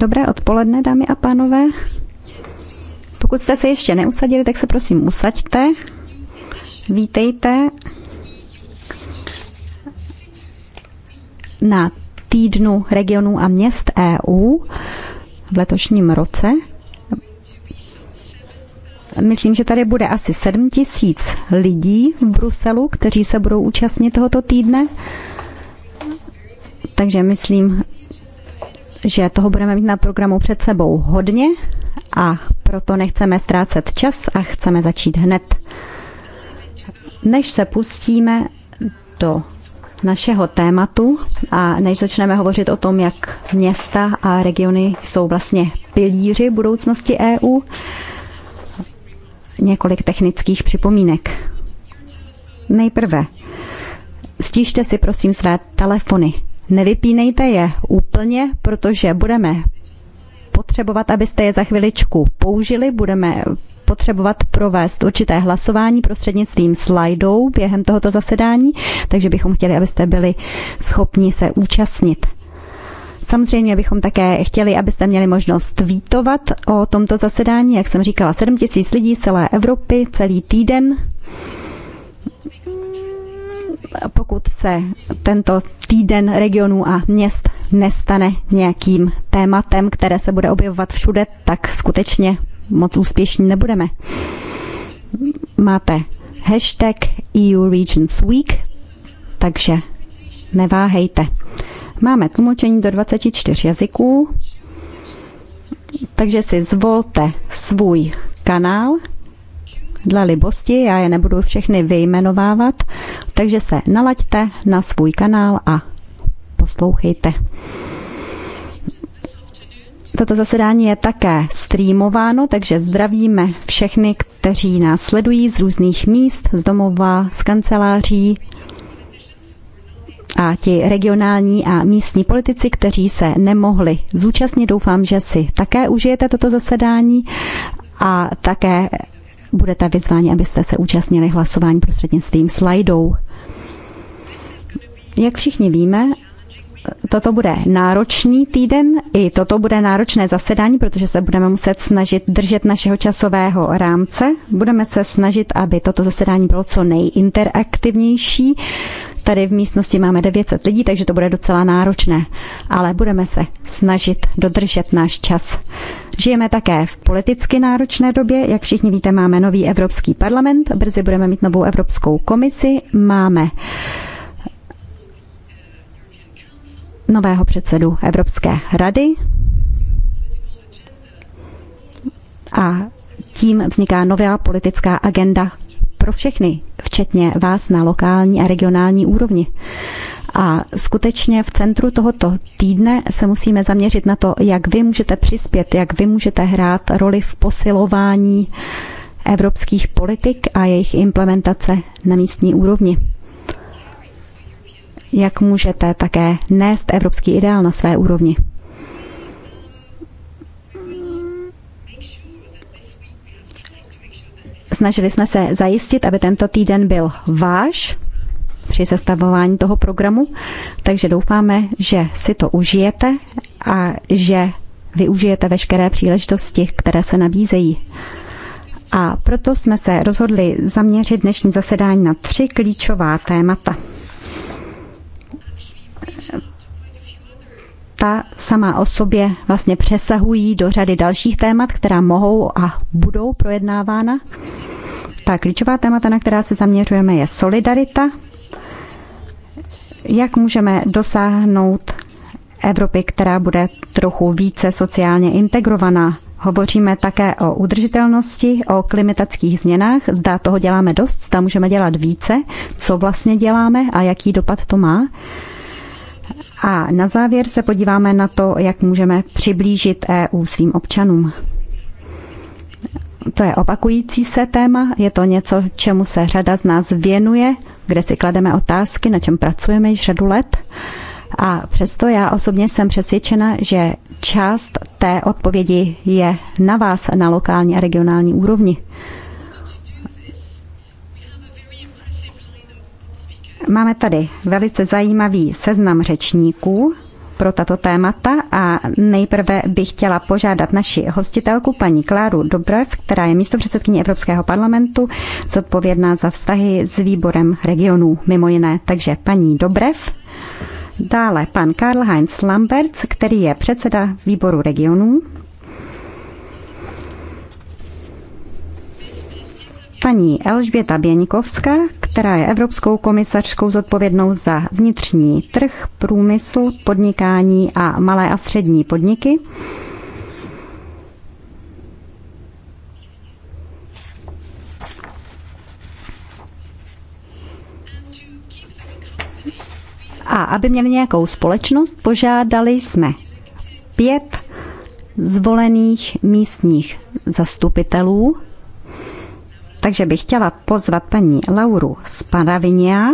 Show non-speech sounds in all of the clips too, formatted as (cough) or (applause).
Dobré odpoledne, dámy a pánové. Pokud jste se ještě neusadili, tak se prosím usaďte. Vítejte na týdnu regionů a měst EU v letošním roce. Myslím, že tady bude asi 7 tisíc lidí v Bruselu, kteří se budou účastnit tohoto týdne. Takže myslím, že toho budeme mít na programu před sebou hodně a proto nechceme ztrácet čas a chceme začít hned. Než se pustíme do našeho tématu a než začneme hovořit o tom, jak města a regiony jsou vlastně pilíři budoucnosti EU, několik technických připomínek. Nejprve, stížte si prosím své telefony Nevypínejte je úplně, protože budeme potřebovat, abyste je za chviličku použili. Budeme potřebovat provést určité hlasování prostřednictvím slajdů během tohoto zasedání, takže bychom chtěli, abyste byli schopni se účastnit. Samozřejmě bychom také chtěli, abyste měli možnost tweetovat o tomto zasedání, jak jsem říkala, 7 tisíc lidí z celé Evropy, celý týden pokud se tento týden regionů a měst nestane nějakým tématem, které se bude objevovat všude, tak skutečně moc úspěšní nebudeme. Máte hashtag EU Regions Week, takže neváhejte. Máme tlumočení do 24 jazyků, takže si zvolte svůj kanál, dle libosti, já je nebudu všechny vyjmenovávat, takže se nalaďte na svůj kanál a poslouchejte. Toto zasedání je také streamováno, takže zdravíme všechny, kteří nás sledují z různých míst, z domova, z kanceláří a ti regionální a místní politici, kteří se nemohli zúčastnit. Doufám, že si také užijete toto zasedání a také budete vyzváni, abyste se účastnili hlasování prostřednictvím slajdů. Jak všichni víme, toto bude náročný týden, i toto bude náročné zasedání, protože se budeme muset snažit držet našeho časového rámce. Budeme se snažit, aby toto zasedání bylo co nejinteraktivnější Tady v místnosti máme 900 lidí, takže to bude docela náročné, ale budeme se snažit dodržet náš čas. Žijeme také v politicky náročné době. Jak všichni víte, máme nový Evropský parlament, brzy budeme mít novou Evropskou komisi, máme nového předsedu Evropské rady a tím vzniká nová politická agenda pro všechny, včetně vás na lokální a regionální úrovni. A skutečně v centru tohoto týdne se musíme zaměřit na to, jak vy můžete přispět, jak vy můžete hrát roli v posilování evropských politik a jejich implementace na místní úrovni. Jak můžete také nést evropský ideál na své úrovni. Snažili jsme se zajistit, aby tento týden byl váš při sestavování toho programu, takže doufáme, že si to užijete a že využijete veškeré příležitosti, které se nabízejí. A proto jsme se rozhodli zaměřit dnešní zasedání na tři klíčová témata. ta sama o sobě vlastně přesahují do řady dalších témat, která mohou a budou projednávána. Ta klíčová témata, na která se zaměřujeme, je solidarita. Jak můžeme dosáhnout Evropy, která bude trochu více sociálně integrovaná? Hovoříme také o udržitelnosti, o klimatických změnách. Zdá toho děláme dost, zda můžeme dělat více, co vlastně děláme a jaký dopad to má. A na závěr se podíváme na to, jak můžeme přiblížit EU svým občanům. To je opakující se téma, je to něco, čemu se řada z nás věnuje, kde si klademe otázky, na čem pracujeme již řadu let. A přesto já osobně jsem přesvědčena, že část té odpovědi je na vás na lokální a regionální úrovni. Máme tady velice zajímavý seznam řečníků pro tato témata a nejprve bych chtěla požádat naši hostitelku paní Kláru Dobrev, která je místopředsedkyní Evropského parlamentu, zodpovědná za vztahy s výborem regionů mimo jiné. Takže paní Dobrev, dále pan Karl Heinz Lamberts, který je předseda výboru regionů, paní Elžběta Běňkovská, která je Evropskou komisařkou zodpovědnou za vnitřní trh, průmysl, podnikání a malé a střední podniky. A aby měli nějakou společnost, požádali jsme pět zvolených místních zastupitelů takže bych chtěla pozvat paní Lauru Paravinia.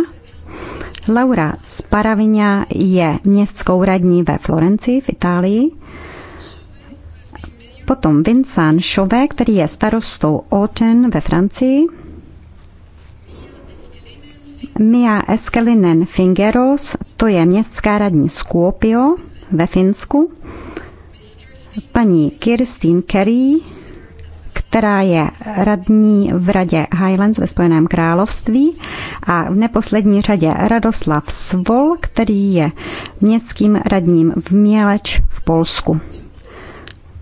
Laura Paravinia je městskou radní ve Florenci v Itálii. Potom Vincent Chauvet, který je starostou Auchan ve Francii. Mia Eskelinen Fingeros, to je městská radní Skopio ve Finsku. Paní Kirstin Kerry, která je radní v radě Highlands ve Spojeném království a v neposlední řadě Radoslav Svol, který je městským radním v Měleč v Polsku.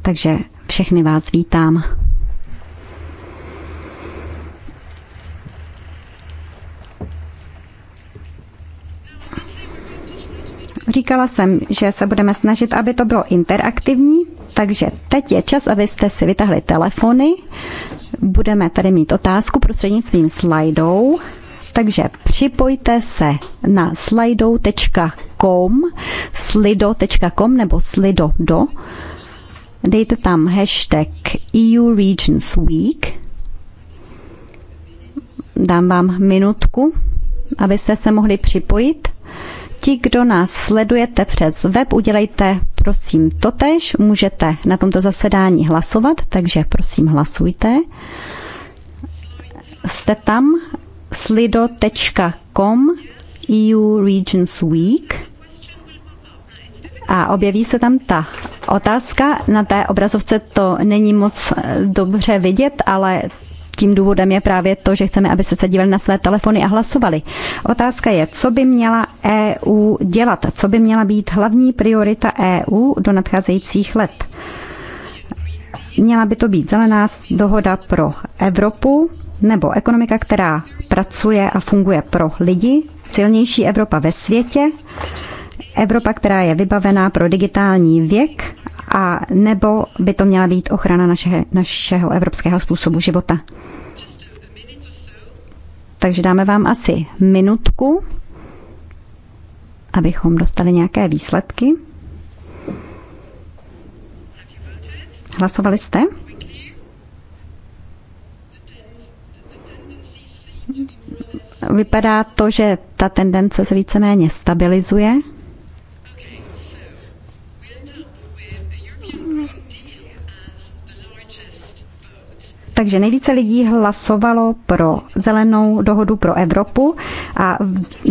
Takže všechny vás vítám. Říkala jsem, že se budeme snažit, aby to bylo interaktivní, takže teď je čas, abyste si vytahli telefony. Budeme tady mít otázku prostřednictvím slajdou. Takže připojte se na slido.com, slido.com nebo slido.do. Dejte tam hashtag EU Regions Week. Dám vám minutku, abyste se mohli připojit. Ti, kdo nás sledujete přes web, udělejte prosím totež. Můžete na tomto zasedání hlasovat, takže prosím hlasujte. Jste tam slido.com EU Regions Week a objeví se tam ta otázka. Na té obrazovce to není moc eh, dobře vidět, ale tím důvodem je právě to, že chceme, aby se dívali na své telefony a hlasovali. Otázka je, co by měla EU dělat, co by měla být hlavní priorita EU do nadcházejících let. Měla by to být zelená dohoda pro Evropu nebo ekonomika, která pracuje a funguje pro lidi, silnější Evropa ve světě Evropa, která je vybavená pro digitální věk, a nebo by to měla být ochrana naše, našeho evropského způsobu života. Takže dáme vám asi minutku, abychom dostali nějaké výsledky. Hlasovali jste? Vypadá to, že ta tendence se víceméně stabilizuje. Takže nejvíce lidí hlasovalo pro zelenou dohodu pro Evropu a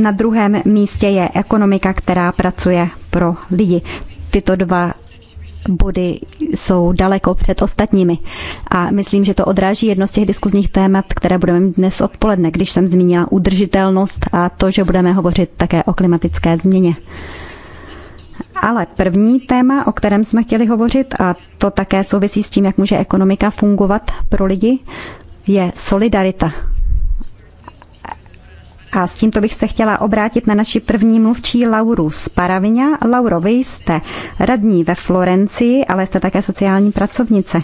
na druhém místě je ekonomika, která pracuje pro lidi. Tyto dva body jsou daleko před ostatními. A myslím, že to odráží jedno z těch diskuzních témat, které budeme mít dnes odpoledne, když jsem zmínila udržitelnost a to, že budeme hovořit také o klimatické změně. Ale první téma, o kterém jsme chtěli hovořit, a to také souvisí s tím, jak může ekonomika fungovat pro lidi, je solidarita. A s tímto bych se chtěla obrátit na naši první mluvčí Lauru Paravinia. Lauro, vy jste radní ve Florencii, ale jste také sociální pracovnice.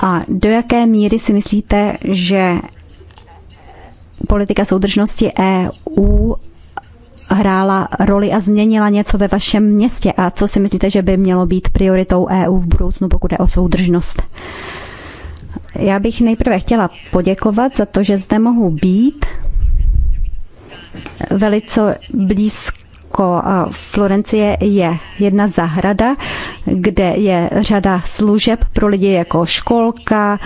A do jaké míry si myslíte, že politika soudržnosti EU hrála roli a změnila něco ve vašem městě a co si myslíte, že by mělo být prioritou EU v budoucnu, pokud je o soudržnost? Já bych nejprve chtěla poděkovat za to, že zde mohu být velice blízko Florencie je jedna zahrada, kde je řada služeb pro lidi jako školka,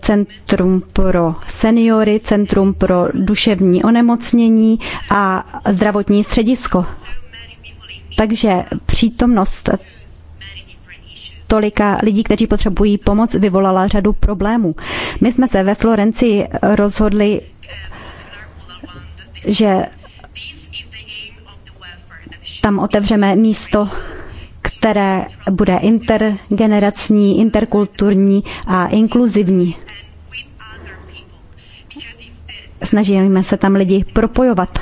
Centrum pro seniory, Centrum pro duševní onemocnění a zdravotní středisko. Takže přítomnost tolika lidí, kteří potřebují pomoc, vyvolala řadu problémů. My jsme se ve Florenci rozhodli, že tam otevřeme místo které bude intergenerační, interkulturní a inkluzivní. Snažíme se tam lidi propojovat.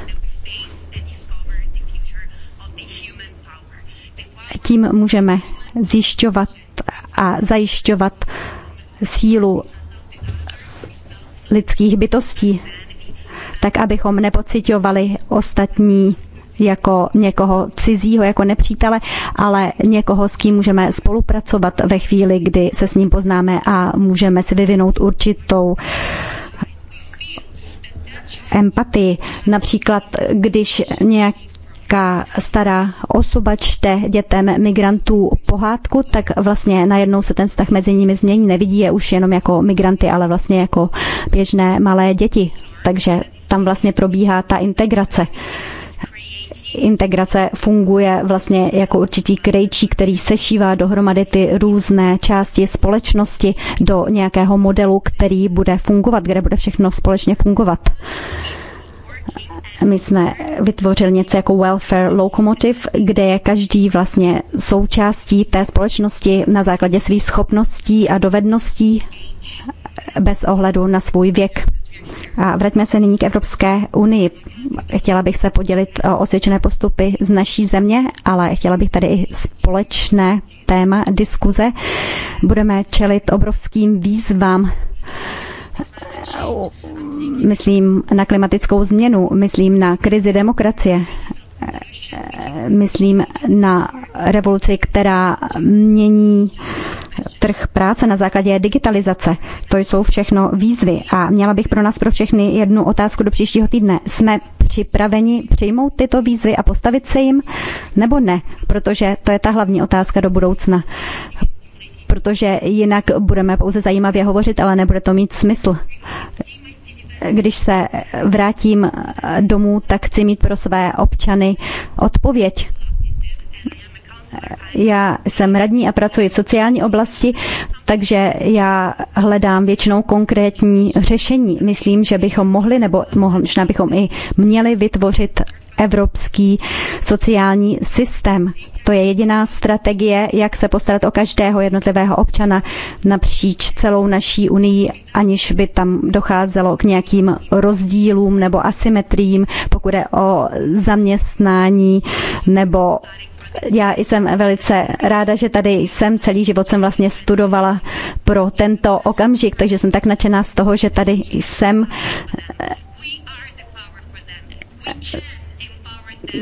Tím můžeme zjišťovat a zajišťovat sílu lidských bytostí, tak abychom nepocitovali ostatní jako někoho cizího, jako nepřítele, ale někoho, s kým můžeme spolupracovat ve chvíli, kdy se s ním poznáme a můžeme si vyvinout určitou empatii. Například, když nějak stará osoba čte dětem migrantů pohádku, tak vlastně najednou se ten vztah mezi nimi změní. Nevidí je už jenom jako migranty, ale vlastně jako běžné malé děti. Takže tam vlastně probíhá ta integrace. Uh, integrace funguje vlastně jako určitý krejčí, který sešívá dohromady ty různé části společnosti do nějakého modelu, který bude fungovat, kde bude všechno společně fungovat. My jsme vytvořili něco jako welfare locomotive, kde je každý vlastně součástí té společnosti na základě svých schopností a dovedností bez ohledu na svůj věk. A vraťme se nyní k Evropské unii. Chtěla bych se podělit o osvědčené postupy z naší země, ale chtěla bych tady i společné téma diskuze. Budeme čelit obrovským výzvám myslím na klimatickou změnu, myslím na krizi demokracie, myslím na revoluci, která mění trh práce na základě digitalizace. To jsou všechno výzvy. A měla bych pro nás pro všechny jednu otázku do příštího týdne. Jsme připraveni přijmout tyto výzvy a postavit se jim, nebo ne? Protože to je ta hlavní otázka do budoucna. Protože jinak budeme pouze zajímavě hovořit, ale nebude to mít smysl když se vrátím domů, tak chci mít pro své občany odpověď já jsem radní a pracuji v sociální oblasti, takže já hledám většinou konkrétní řešení. Myslím, že bychom mohli, nebo možná bychom i měli vytvořit evropský sociální systém. To je jediná strategie, jak se postarat o každého jednotlivého občana napříč celou naší unii, aniž by tam docházelo k nějakým rozdílům nebo asymetriím, pokud je o zaměstnání nebo já jsem velice ráda, že tady jsem. Celý život jsem vlastně studovala pro tento okamžik, takže jsem tak nadšená z toho, že tady jsem.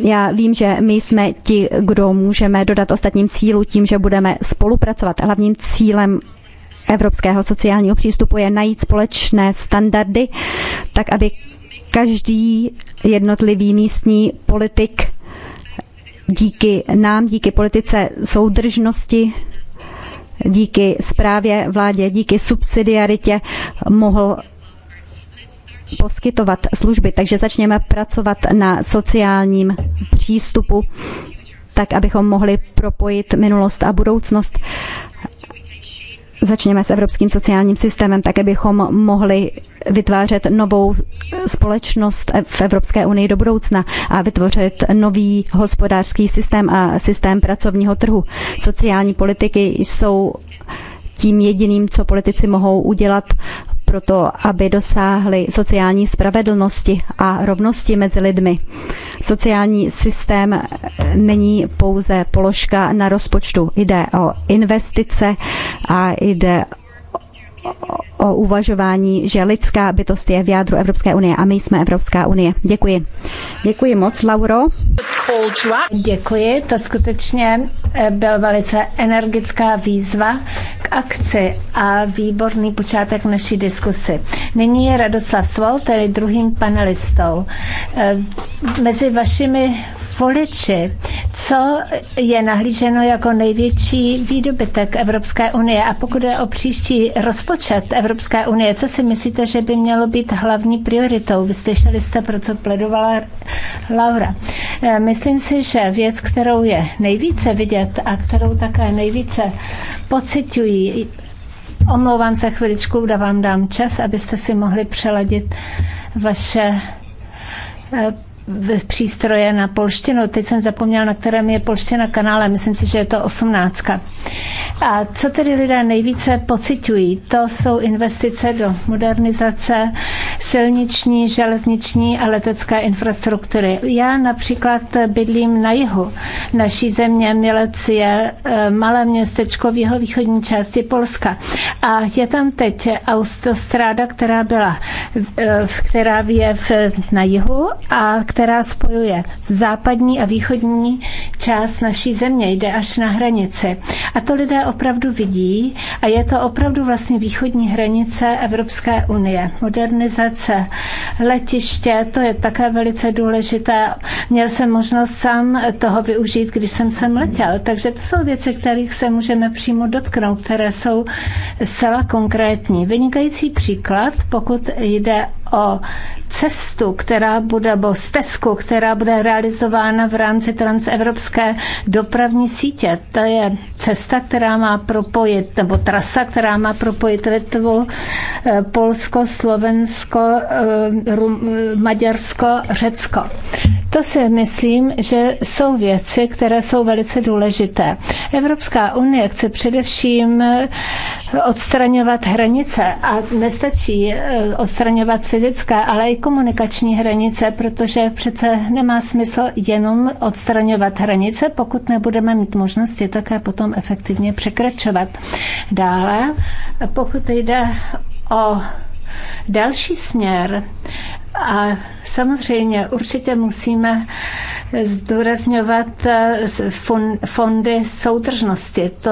Já vím, že my jsme ti, kdo můžeme dodat ostatním sílu tím, že budeme spolupracovat. Hlavním cílem evropského sociálního přístupu je najít společné standardy, tak aby každý jednotlivý místní politik díky nám, díky politice soudržnosti, díky zprávě vládě, díky subsidiaritě mohl poskytovat služby. Takže začněme pracovat na sociálním přístupu, tak abychom mohli propojit minulost a budoucnost začněme s evropským sociálním systémem, také bychom mohli vytvářet novou společnost v Evropské unii do budoucna a vytvořit nový hospodářský systém a systém pracovního trhu. Sociální politiky jsou tím jediným, co politici mohou udělat proto, aby dosáhli sociální spravedlnosti a rovnosti mezi lidmi. Sociální systém eh, není pouze položka na rozpočtu. Jde o investice a jde o uvažování, že lidská bytost je v jádru Evropské unie a my jsme Evropská unie. Děkuji. Děkuji moc, Lauro. Děkuji, to skutečně eh, byl velice energická výzva k akci a výborný počátek naší diskusy. Nyní je Radoslav Svol, tedy druhým panelistou. Eh, mezi vašimi voliči, co je nahlíženo jako největší výdobytek Evropské unie. A pokud je o příští rozpočet Evropské unie, co si myslíte, že by mělo být hlavní prioritou? Vyslyšeli jste, pro co pledovala Laura. E, myslím si, že věc, kterou je nejvíce vidět a kterou také nejvíce pocitují Omlouvám se chviličku, kde vám dám čas, abyste si mohli přeladit vaše e, přístroje na polštinu. Teď jsem zapomněl, na kterém je polština kanále. Myslím si, že je to osmnáctka. A co tedy lidé nejvíce pociťují? To jsou investice do modernizace silniční, železniční a letecké infrastruktury. Já například bydlím na jihu naší země. Milec je eh, malé městečko v jeho východní části Polska. A je tam teď autostráda, která byla, eh, která je v, na jihu a která spojuje západní a východní část naší země. Jde až na hranici. A to lidé opravdu vidí a je to opravdu vlastně východní hranice Evropské unie. Modernizace dalece letiště, to je také velice důležité. Měl jsem možnost sám toho využít, když jsem sem letěl. Takže to jsou věci, kterých se můžeme přímo dotknout, které jsou zcela konkrétní. Vynikající příklad, pokud jde o cestu, která bude, nebo stezku, která bude realizována v rámci transevropské dopravní sítě. To je cesta, která má propojit, nebo trasa, která má propojit Litvu, eh, Polsko, Slovensko, eh, eh, Maďarsko, Řecko. To si myslím, že jsou věci, které jsou velice důležité. Evropská unie chce především odstraňovat hranice a nestačí odstraňovat fyzické, ale i komunikační hranice, protože přece nemá smysl jenom odstraňovat hranice, pokud nebudeme mít možnost je také potom efektivně překračovat. Dále, pokud jde o Další směr a samozřejmě určitě musíme zdůrazňovat eh, fondy soudržnosti. To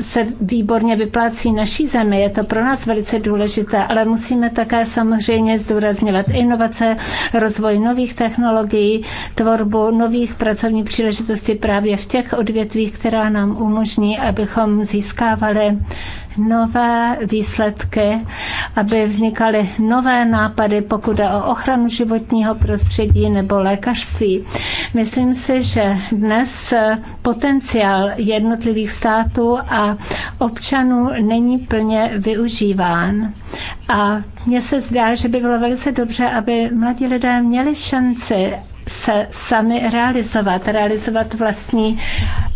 se výborně vyplácí naší zemi, je to pro nás velice důležité, ale musíme také samozřejmě zdůrazňovat inovace, rozvoj nových technologií, tvorbu nových pracovních příležitostí právě v těch odvětvích, která nám umožní, abychom získávali nové výsledky, aby vznikaly nové nápady, pokud je o ochranu ochranu životního prostředí nebo lékařství. Myslím si, že dnes potenciál jednotlivých států a občanů není plně využíván. A mně se zdá, že by bylo velice dobře, aby mladí lidé měli šanci se sami realizovat, realizovat vlastní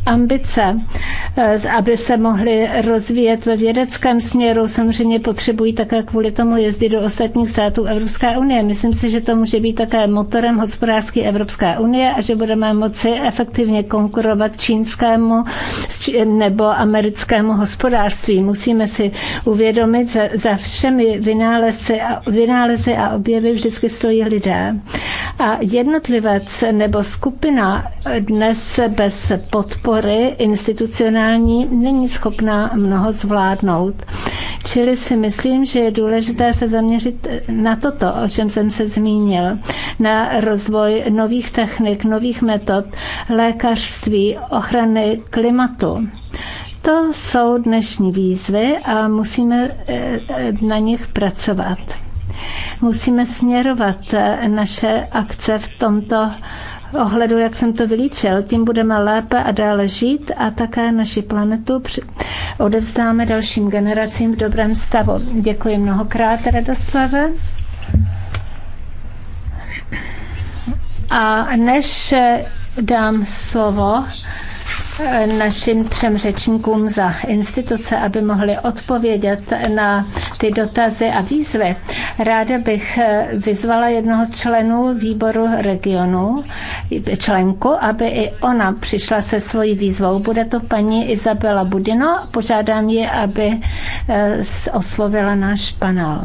ambice, eh, aby se mohly rozvíjet ve vědeckém směru, samozřejmě potřebují také kvůli tomu jezdit do ostatních států Evropské unie. Myslím si, že to může být také motorem hospodářské Evropské unie a že budeme moci efektivně konkurovat čínskému nebo americkému hospodářství. Musíme si uvědomit, že za všemi vynálezy a, vynálezy a objevy vždycky stojí lidé. A jednotlivec nebo skupina dnes bez podpory komory institucionální není schopná mnoho zvládnout. Čili si myslím, že je důležité se zaměřit na toto, o čem jsem se zmínil, na rozvoj nových technik, nových metod, lékařství, ochrany klimatu. To jsou dnešní výzvy a musíme eh, na nich pracovat. Musíme směrovat eh, naše akce v tomto ohledu, jak jsem to vylíčil. Tím budeme lépe a dále žít a také naši planetu odevzdáme dalším generacím v dobrém stavu. Děkuji mnohokrát, Radoslave. A než dám slovo našim třem řečníkům za instituce, aby mohli odpovědět na ty dotazy a výzvy. Ráda bych eh, vyzvala jednoho z členů výboru regionu, členku, aby i ona přišla se svojí výzvou. Bude to paní Izabela Budino. Požádám ji, aby eh, oslovila náš panel.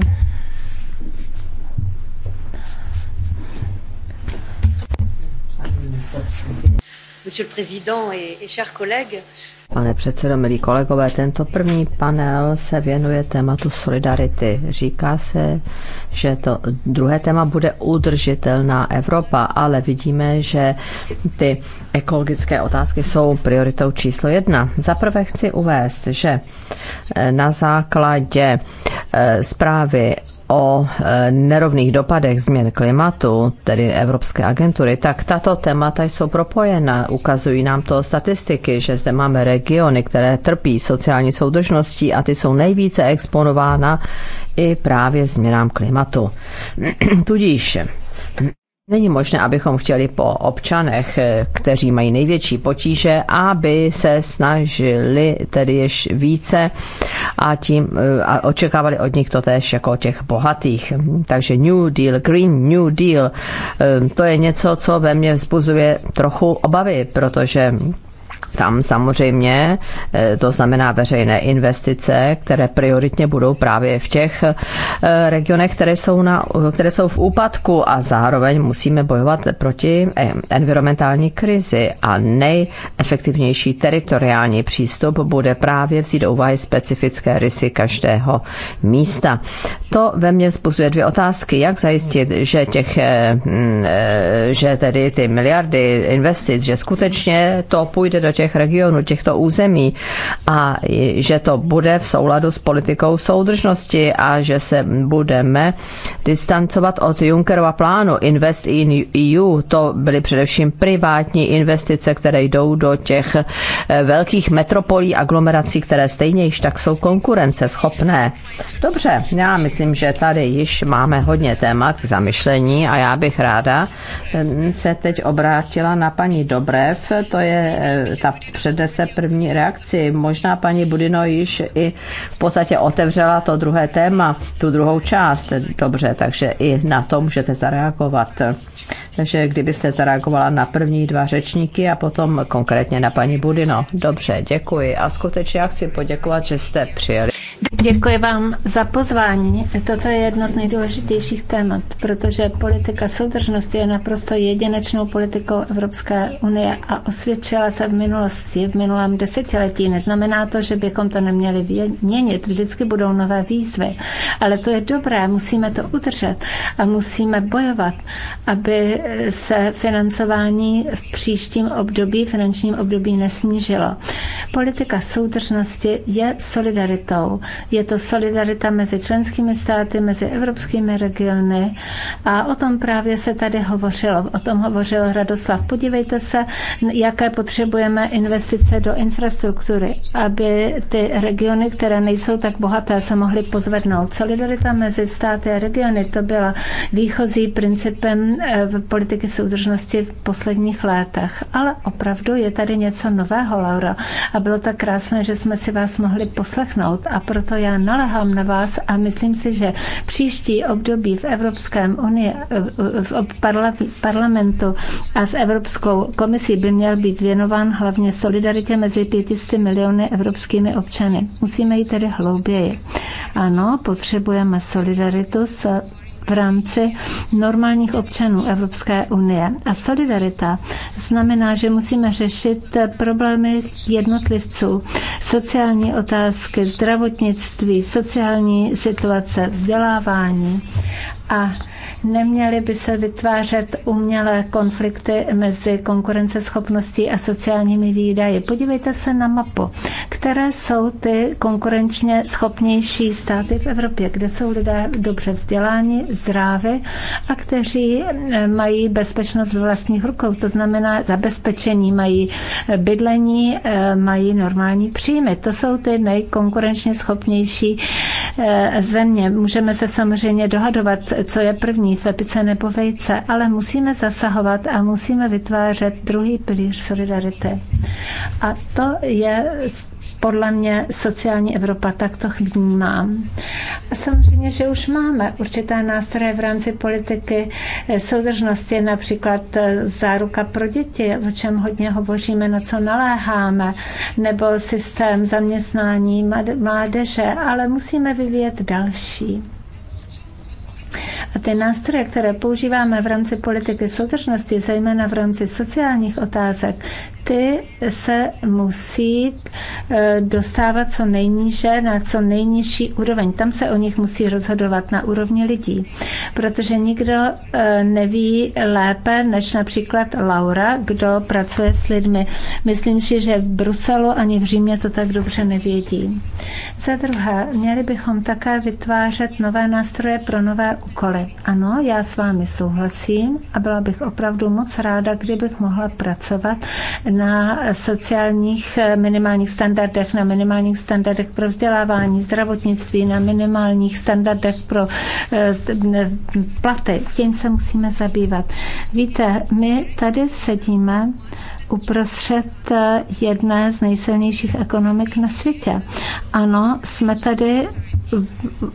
Thank you. Pane předsedo, milí kolegové, tento první panel se věnuje tématu solidarity. Říká se, že to druhé téma bude udržitelná Evropa, ale vidíme, že ty ekologické otázky jsou prioritou číslo jedna. Zaprvé chci uvést, že eh, na základě eh, zprávy o e, nerovných dopadech změn klimatu, tedy Evropské agentury, tak tato témata jsou propojena. Ukazují nám to statistiky, že zde máme regiony, které trpí sociální soudržností a ty jsou nejvíce exponována i právě změnám klimatu. (clears throat) Tudíž Není možné, abychom chtěli po občanech, eh, kteří mají největší potíže, aby se snažili tedy ještě více a, tím, eh, a očekávali od nich to též jako těch bohatých. Takže New Deal, Green New Deal, eh, to je něco, co ve mně vzbuzuje trochu obavy, protože tam samozřejmě eh, to znamená veřejné investice, které prioritně budou právě v těch eh, regionech, které jsou, na, které jsou v úpadku a zároveň musíme bojovat proti eh, environmentální krizi a nejefektivnější teritoriální přístup bude právě vzít úvahy specifické rysy každého místa. To ve mně vzbuzuje dvě otázky. Jak zajistit, že, těch, mm, že tedy ty miliardy investic, že skutečně to půjde do těch regionů, těchto území a že to bude v souladu s politikou soudržnosti a že se budeme distancovat od Junckerova plánu Invest in EU. To byly především privátní investice, které jdou do těch eh, velkých metropolí, aglomerací, které stejně již tak jsou konkurenceschopné. Dobře, já myslím, že tady již máme hodně témat k zamyšlení a já bych ráda eh, se teď obrátila na paní Dobrev, to je eh, ta přednese první reakci. Možná paní Budino již i v podstatě otevřela to druhé téma, tu druhou část. Dobře, takže i na to můžete zareagovat že kdybyste zareagovala na první dva řečníky a potom konkrétně na paní Budino. Dobře, děkuji a skutečně já chci poděkovat, že jste přijeli. Děkuji vám za pozvání. Toto je jedno z nejdůležitějších témat, protože politika soudržnosti je naprosto jedinečnou politikou Evropské unie a osvědčila se v minulosti, v minulém desetiletí. Neznamená to, že bychom to neměli měnit. Vždycky budou nové výzvy, ale to je dobré, musíme to udržet a musíme bojovat, aby se financování v příštím období, finančním období nesnížilo. Politika soudržnosti je solidaritou. Je to solidarita mezi členskými státy, mezi evropskými regiony a o tom právě se tady hovořilo. O tom hovořil Radoslav. Podívejte se, jaké potřebujeme investice do infrastruktury, aby ty regiony, které nejsou tak bohaté, se mohly pozvednout. Solidarita mezi státy a regiony, to byla výchozí principem v eh, politiky soudržnosti v posledních létech. Ale opravdu je tady něco nového, Laura. A bylo tak krásné, že jsme si vás mohli poslechnout. A proto já nalehám na vás a myslím si, že příští období v Evropském unii, v parlamentu a s Evropskou komisí by měl být věnován hlavně solidaritě mezi 500 miliony evropskými občany. Musíme ji tedy hlouběji. Ano, potřebujeme solidaritu s v rámci normálních občanů Evropské unie. A solidarita znamená, že musíme řešit problémy jednotlivců, sociální otázky, zdravotnictví, sociální situace, vzdělávání. A Neměly by se vytvářet umělé konflikty mezi konkurenceschopností a sociálními výdaji. Podívejte se na mapu, které jsou ty konkurenčně schopnější státy v Evropě, kde jsou lidé dobře vzděláni, zdraví a kteří eh, mají bezpečnost v vlastních rukou. To znamená, zabezpečení mají eh, bydlení, eh, mají normální příjmy. To jsou ty nejkonkurenčně schopnější země. Můžeme se samozřejmě dohadovat, co je první slepice nebo vejce, ale musíme zasahovat a musíme vytvářet druhý pilíř solidarity. A to je podle mě sociální Evropa, tak to vnímám. A samozřejmě, že už máme určité nástroje v rámci politiky soudržnosti, například záruka pro děti, o čem hodně hovoříme, na co naléháme, nebo systém zaměstnání mládeže, ale musíme vyvíjet další. A ty nástroje, které používáme v rámci politiky soudržnosti, zejména v rámci sociálních otázek, ty se musí e, dostávat co nejníže, na co nejnižší úroveň. Tam se o nich musí rozhodovat na úrovni lidí, protože nikdo e, neví lépe než například Laura, kdo pracuje s lidmi. Myslím si, že v Bruselu ani v Římě to tak dobře nevědí. Za druhé, měli bychom také vytvářet nové nástroje pro nové úkoly. Ano, já s vámi souhlasím a byla bych opravdu moc ráda, kdybych mohla pracovat na sociálních eh, minimálních standardech, na minimálních standardech pro vzdělávání, zdravotnictví, na minimálních standardech pro eh, platy. Tím se musíme zabývat. Víte, my tady sedíme uprostřed eh, jedné z nejsilnějších ekonomik na světě. Ano, jsme tady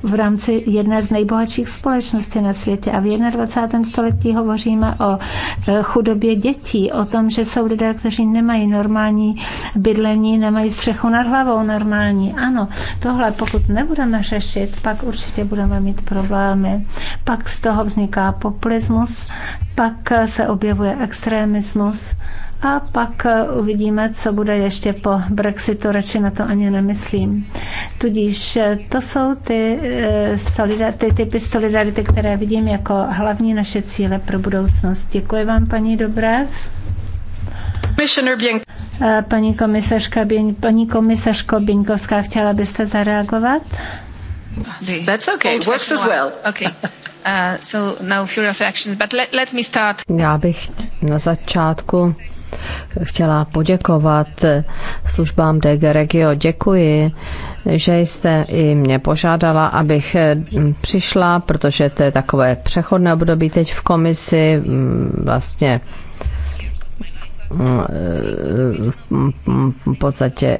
v rámci jedné z nejbohatších společností na světě a v 21. století hovoříme o eh, chudobě dětí, o tom, že jsou lidé, kteří nemají normální bydlení, nemají střechu nad hlavou normální. Ano, tohle pokud nebudeme řešit, pak určitě budeme mít problémy. Pak z toho vzniká populismus, pak eh, se objevuje extremismus a pak eh, uvidíme, co bude ještě po Brexitu, radši na to ani nemyslím. Tudíž eh, to jsou ty, eh, ty typy solidarity, které vidím jako hlavní naše cíle pro budoucnost. Děkuji vám, paní Dobré. Paní komisařka, paní komisařko Binkovská, chtěla byste zareagovat? That's okay, works as well. Okay. Uh, so now few reflections, but let, let me start. Já bych na začátku chtěla poděkovat službám DG Regio. Děkuji, že jste i mě požádala, abych mm, přišla, protože to je takové přechodné období teď v komisi. Mm, vlastně mm, v podstatě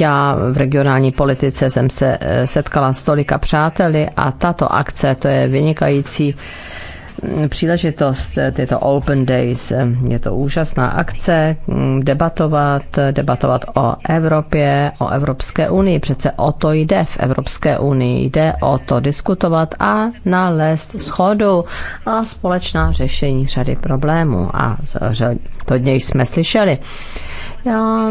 já v regionální politice jsem se eh, setkala s tolika přáteli a tato akce, to je vynikající příležitost, tyto Open Days. Je to úžasná akce mm, debatovat, debatovat o Evropě, o Evropské unii. Přece o to jde v Evropské unii. Jde o to diskutovat a nalézt schodu a společná řešení řady problémů. A hodně jsme slyšeli. Já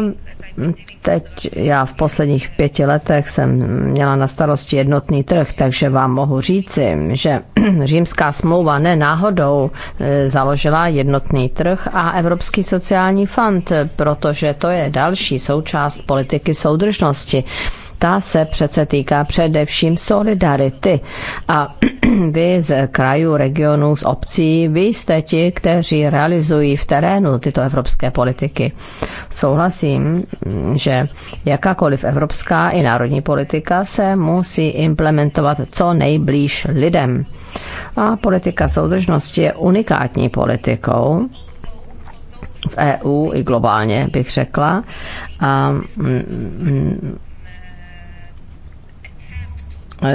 teď já v posledních pěti letech jsem měla na starosti jednotný trh, takže vám mohu říci, že (clears throat) římská smlouva ne náhodou e, založila jednotný trh a Evropský sociální fond, protože to je další součást politiky soudržnosti ta se přece týká především solidarity. A (clears throat) vy z krajů, regionů, z obcí, vy jste ti, kteří realizují v terénu tyto evropské politiky. Souhlasím, že jakákoliv evropská i národní politika se musí implementovat co nejblíž lidem. A politika soudržnosti je unikátní politikou, v EU i globálně, bych řekla. A mm, mm,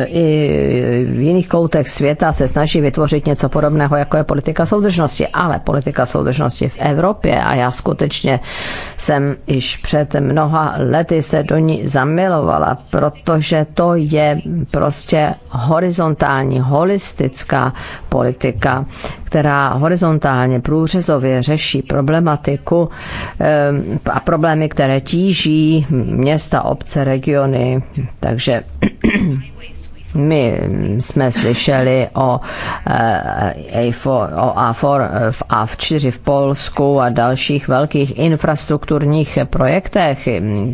i v jiných koutech světa se snaží vytvořit něco podobného, jako je politika soudržnosti. Ale politika soudržnosti v Evropě, a já skutečně jsem již před mnoha lety se do ní zamilovala, protože to je prostě horizontální, holistická politika, která horizontálně, průřezově řeší problematiku eh, a problémy, které tíží města, obce, regiony. Takže my jsme slyšeli o, eh, A4, o A4, v A4 v Polsku a dalších velkých infrastrukturních projektech.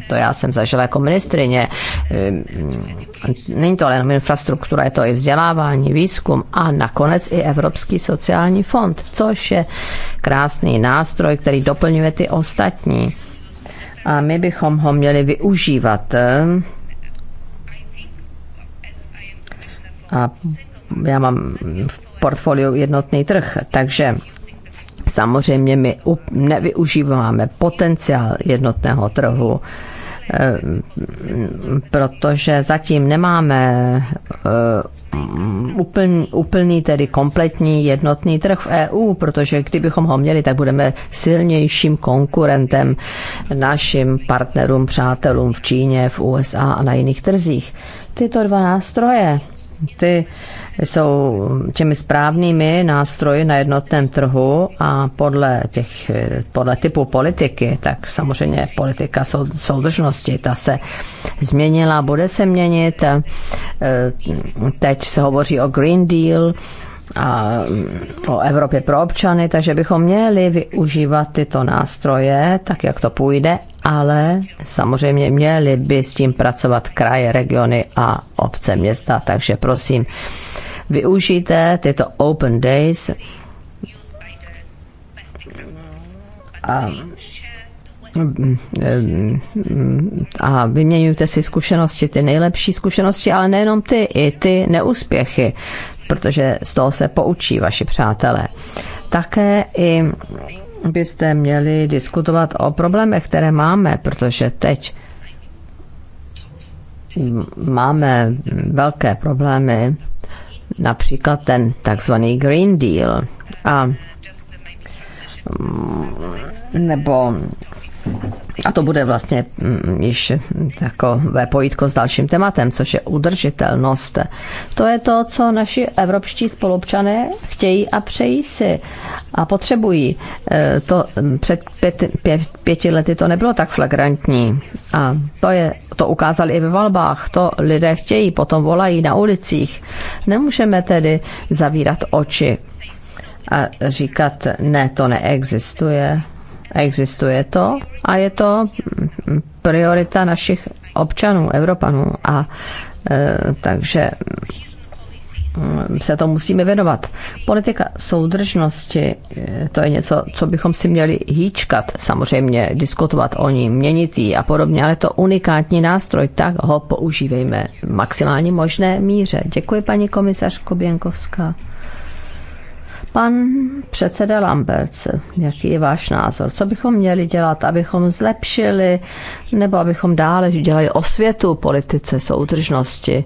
To já jsem zažila jako ministrině. Není to ale jenom infrastruktura, je to i vzdělávání, výzkum a nakonec i Evropský sociální fond, což je krásný nástroj, který doplňuje ty ostatní. A my bychom ho měli využívat eh, a já mám v portfoliu jednotný trh, takže samozřejmě my nevyužíváme potenciál jednotného trhu eh, protože zatím nemáme eh, úplný, úplný, tedy kompletní jednotný trh v EU, protože kdybychom ho měli, tak budeme silnějším konkurentem našim partnerům, přátelům v Číně, v USA a na jiných trzích. Tyto dva nástroje ty jsou těmi správnými nástroji na jednotném trhu a podle, těch, podle typu politiky, tak samozřejmě politika soudržnosti, ta se změnila, bude se měnit. E, teď se hovoří o Green Deal, a o Evropě pro občany, takže bychom měli využívat tyto nástroje, tak jak to půjde, ale samozřejmě měli by s tím pracovat kraje, regiony a obce, města, takže prosím, využijte tyto Open Days a a vyměňujte si zkušenosti, ty nejlepší zkušenosti, ale nejenom ty, i ty neúspěchy protože z toho se poučí vaši přátelé. Také i byste měli diskutovat o problémech, které máme, protože teď máme velké problémy, například ten takzvaný Green Deal a nebo a to bude vlastně mm, již takové pojítko s dalším tématem, což je udržitelnost. To je to, co naši evropští spolupčané chtějí a přejí si a potřebují. E, to mm, před pět, pět, pěti lety to nebylo tak flagrantní. A to, je, to ukázali i ve valbách. To lidé chtějí, potom volají na ulicích. Nemůžeme tedy zavírat oči a říkat, ne, to neexistuje Existuje to a je to priorita našich občanů, Evropanů. A e, takže mm, se to musíme věnovat. Politika soudržnosti, e, to je něco, co bychom si měli hýčkat, samozřejmě diskutovat o ní, měnit ji a podobně, ale to unikátní nástroj, tak ho používejme v maximálně možné míře. Děkuji paní komisařko Běnkovská. Pan předseda Lamberts, jaký je váš názor? Co bychom měli dělat, abychom zlepšili nebo abychom dále dělali osvětu politice soudržnosti?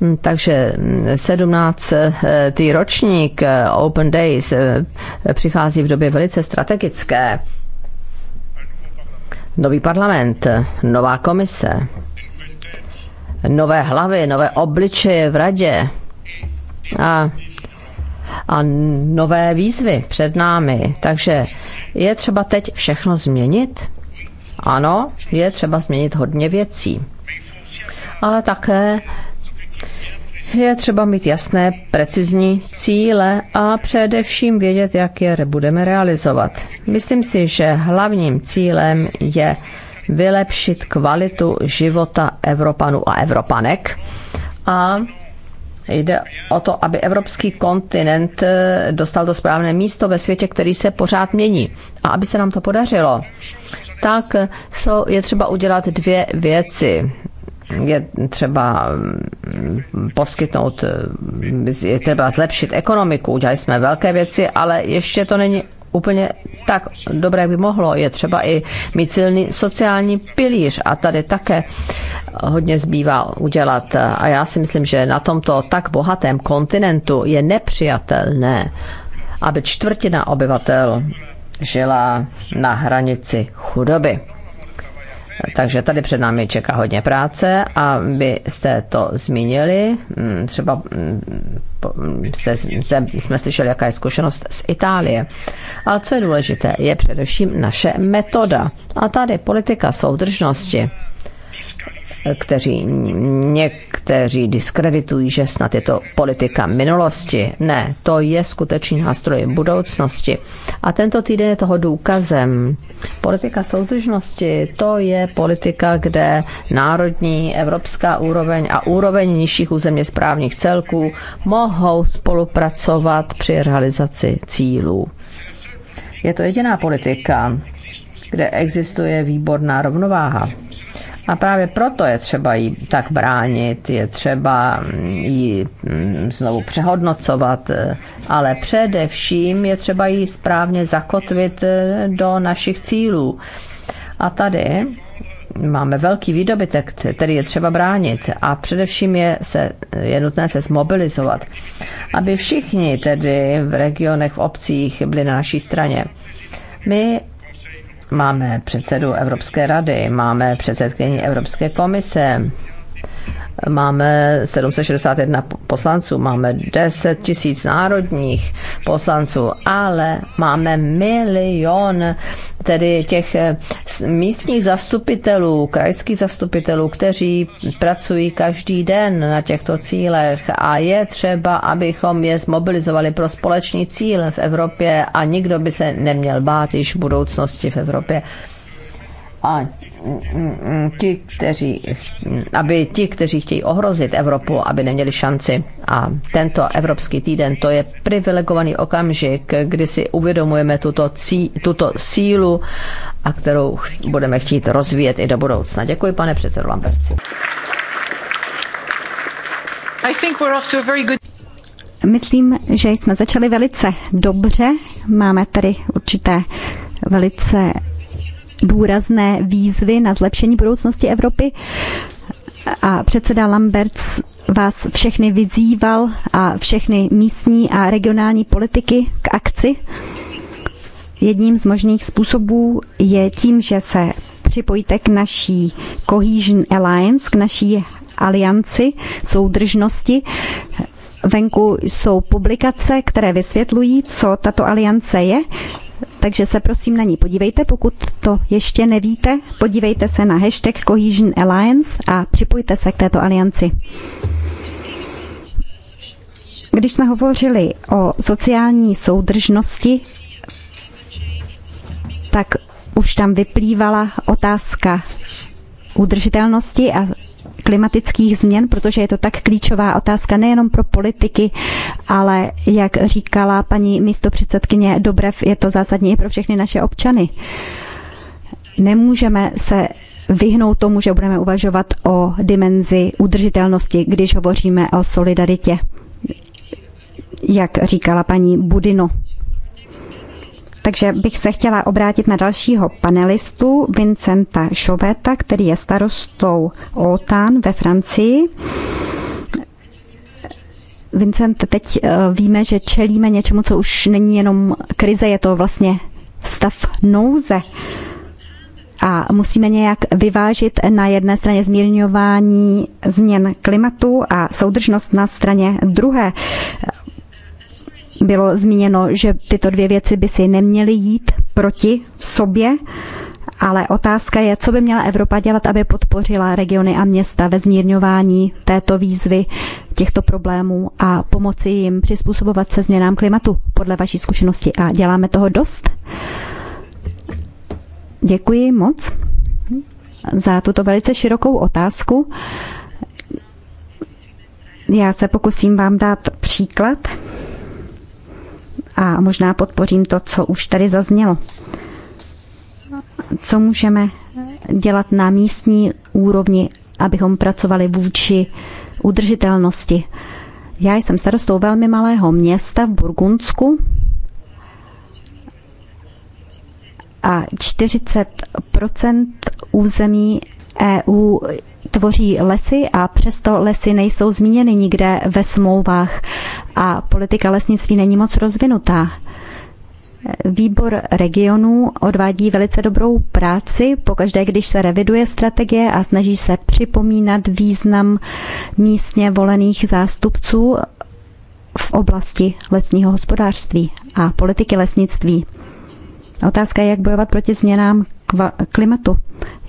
Hm, takže 17. Hm, eh, tý ročník eh, Open Days eh, přichází v době velice strategické. Nový parlament, nová komise, nové hlavy, nové obličeje v radě. A a nové výzvy před námi. Takže je třeba teď všechno změnit? Ano, je třeba změnit hodně věcí. Ale také je třeba mít jasné, precizní cíle a především vědět, jak je budeme realizovat. Myslím si, že hlavním cílem je vylepšit kvalitu života Evropanů a Evropanek a Jde o to, aby evropský kontinent eh, dostal to správné místo ve světě, který se pořád mění. A aby se nám to podařilo, tak eh, je třeba udělat dvě věci je třeba mm, poskytnout, eh, je třeba zlepšit ekonomiku. Udělali jsme velké věci, ale ještě to není úplně tak dobré, jak by mohlo. Je třeba i mít silný sociální pilíř a tady také hodně zbývá udělat. A já si myslím, že na tomto tak bohatém kontinentu je nepřijatelné, aby čtvrtina obyvatel žila na hranici chudoby. Takže tady před námi čeká hodně práce a vy jste to zmínili. Mm, třeba mm, mm, se, se, jsme slyšeli, jaká je zkušenost z Itálie. Ale co je důležité, je především naše metoda. A tady politika soudržnosti kteří někteří diskreditují, že snad je to politika minulosti. Ne, to je skutečný nástroj budoucnosti. A tento týden je toho důkazem. Politika soudržnosti, to je politika, kde národní, evropská úroveň a úroveň nižších územně správních celků mohou spolupracovat při realizaci cílů. Je to jediná politika, kde existuje výborná rovnováha a právě proto je třeba ji tak bránit, je třeba ji mm, znovu přehodnocovat, eh, ale především je třeba ji správně zakotvit eh, do našich cílů. A tady máme velký výdobytek, který je třeba bránit a především je, se, je nutné se zmobilizovat, aby všichni tedy v regionech, v obcích byli na naší straně. My Máme předsedu Evropské rady, máme předsedkyni Evropské komise, máme 761 poslanců, máme 10 tisíc národních poslanců, ale máme milion tedy těch eh, místních zastupitelů, krajských zastupitelů, kteří pracují každý den na těchto cílech a je třeba, abychom je zmobilizovali pro společný cíl v Evropě a nikdo by se neměl bát již v budoucnosti v Evropě. A ti, kteří, aby ti, kteří chtějí ohrozit Evropu, aby neměli šanci. A tento Evropský týden, to je privilegovaný okamžik, kdy si uvědomujeme tuto, cí, tuto sílu, a kterou ch- budeme chtít rozvíjet i do budoucna. Děkuji, pane předsedo Lamberci. I think we're off to a very good... Myslím, že jsme začali velice dobře. Máme tady určité velice důrazné výzvy na zlepšení budoucnosti Evropy a předseda Lamberts vás všechny vyzýval a všechny místní a regionální politiky k akci. Jedním z možných způsobů je tím, že se připojíte k naší Cohesion Alliance, k naší alianci soudržnosti. Venku jsou publikace, které vysvětlují, co tato aliance je takže se prosím na ní podívejte. Pokud to ještě nevíte, podívejte se na hashtag Cohesion Alliance a připojte se k této alianci. Když jsme hovořili o sociální soudržnosti, tak už tam vyplývala otázka udržitelnosti a klimatických změn, protože je to tak klíčová otázka nejenom pro politiky, ale jak říkala paní místopředsedkyně Dobrev, je to zásadní i pro všechny naše občany. Nemůžeme se vyhnout tomu, že budeme uvažovat o dimenzi udržitelnosti, když hovoříme o solidaritě, jak říkala paní Budino. Takže bych se chtěla obrátit na dalšího panelistu, Vincenta Šoveta, který je starostou OTAN ve Francii. Vincent, teď eh, víme, že čelíme něčemu, co už není jenom krize, je to vlastně stav nouze. A musíme nějak vyvážit na jedné straně zmírňování změn klimatu a soudržnost na straně druhé bylo zmíněno, že tyto dvě věci by si neměly jít proti sobě, ale otázka je, co by měla Evropa dělat, aby podpořila regiony a města ve zmírňování této výzvy, těchto problémů a pomoci jim přizpůsobovat se změnám klimatu podle vaší zkušenosti. A děláme toho dost? Děkuji moc za tuto velice širokou otázku. Já se pokusím vám dát příklad a možná podpořím to, co už tady zaznělo. Co můžeme dělat na místní úrovni, abychom pracovali vůči udržitelnosti? Já jsem starostou velmi malého města v Burgundsku a 40 území EU tvoří lesy a přesto lesy nejsou zmíněny nikde ve smlouvách a politika lesnictví není moc rozvinutá. Výbor regionů odvádí velice dobrou práci, pokaždé, když se reviduje strategie a snaží se připomínat význam místně volených zástupců v oblasti lesního hospodářství a politiky lesnictví. Otázka je, jak bojovat proti změnám klimatu,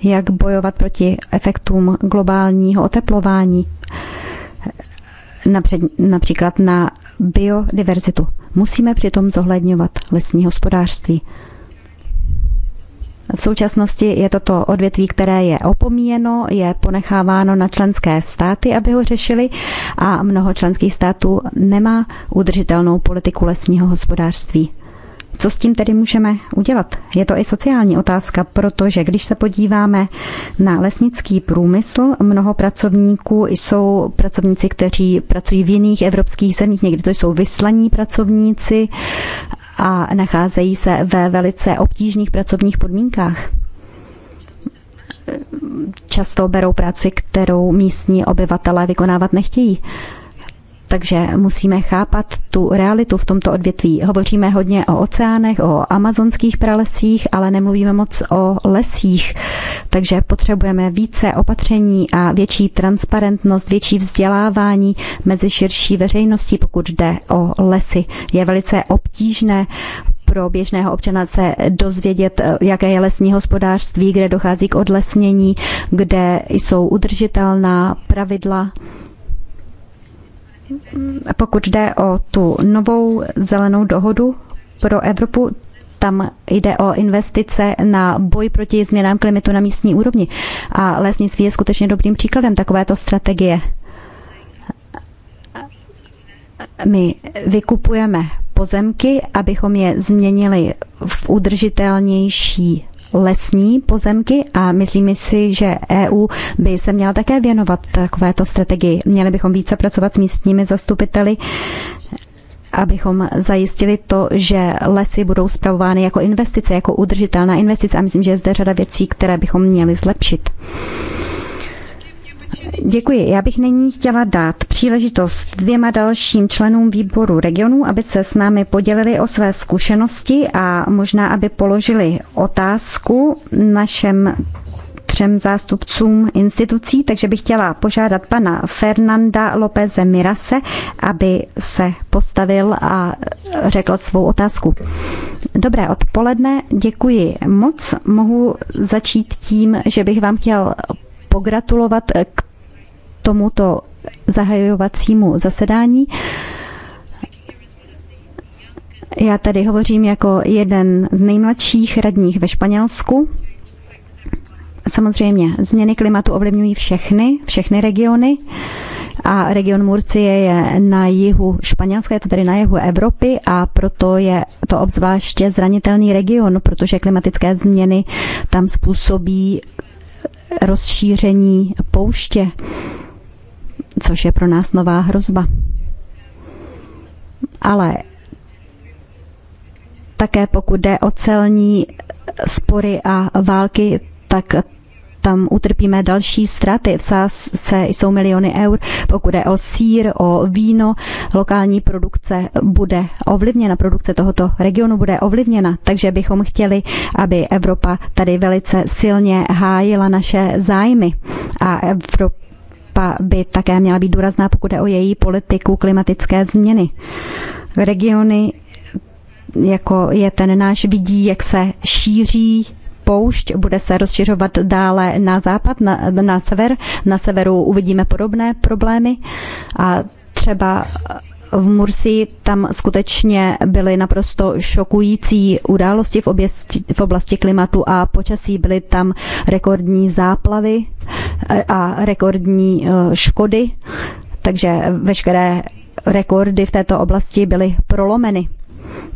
jak bojovat proti efektům globálního oteplování, například na biodiverzitu. Musíme přitom zohledňovat lesní hospodářství. V současnosti je toto odvětví, které je opomíjeno, je ponecháváno na členské státy, aby ho řešili a mnoho členských států nemá udržitelnou politiku lesního hospodářství. Co s tím tedy můžeme udělat? Je to i sociální otázka, protože když se podíváme na lesnický průmysl, mnoho pracovníků jsou pracovníci, kteří pracují v jiných evropských zemích, někdy to jsou vyslaní pracovníci a nacházejí se ve velice obtížných pracovních podmínkách často berou práci, kterou místní obyvatelé vykonávat nechtějí. Takže musíme chápat tu realitu v tomto odvětví. Hovoříme hodně o oceánech, o amazonských pralesích, ale nemluvíme moc o lesích. Takže potřebujeme více opatření a větší transparentnost, větší vzdělávání mezi širší veřejností, pokud jde o lesy. Je velice obtížné pro běžného občana se dozvědět, jaké je lesní hospodářství, kde dochází k odlesnění, kde jsou udržitelná pravidla pokud jde o tu novou zelenou dohodu pro Evropu, tam jde o investice na boj proti změnám klimatu na místní úrovni. A lesnictví je skutečně dobrým příkladem takovéto strategie. My vykupujeme pozemky, abychom je změnili v udržitelnější lesní pozemky a myslíme si, že EU by se měla také věnovat takovéto strategii. Měli bychom více pracovat s místními zastupiteli, abychom zajistili to, že lesy budou zpravovány jako investice, jako udržitelná investice a myslím, že je zde řada věcí, které bychom měli zlepšit. Děkuji. Já bych nyní chtěla dát příležitost dvěma dalším členům výboru regionů, aby se s námi podělili o své zkušenosti a možná, aby položili otázku našem třem zástupcům institucí, takže bych chtěla požádat pana Fernanda Lópeze Mirase, aby se postavil a řekl svou otázku. Dobré odpoledne, děkuji moc. Mohu začít tím, že bych vám chtěl pogratulovat k tomuto zahajovacímu zasedání. Já tady hovořím jako jeden z nejmladších radních ve Španělsku. Samozřejmě, změny klimatu ovlivňují všechny, všechny regiony a region Murcie je na jihu Španělska, je to tedy na jihu Evropy a proto je to obzvláště zranitelný region, protože klimatické změny tam způsobí rozšíření pouště což je pro nás nová hrozba. Ale také pokud jde o celní spory a války, tak tam utrpíme další ztráty. V sásce jsou miliony eur. Pokud jde o sír, o víno, lokální produkce bude ovlivněna, produkce tohoto regionu bude ovlivněna, takže bychom chtěli, aby Evropa tady velice silně hájila naše zájmy a Evropa Evropa by také měla být důrazná, pokud je o její politiku klimatické změny. Regiony, jako je ten náš, vidí, jak se šíří poušť, bude se rozšiřovat dále na západ, na, na sever. Na severu uvidíme podobné problémy a třeba v Mursii tam skutečně byly naprosto šokující události v, oblasti, v oblasti klimatu a počasí. Byly tam rekordní záplavy eh, a rekordní eh, škody, takže veškeré rekordy v této oblasti byly prolomeny.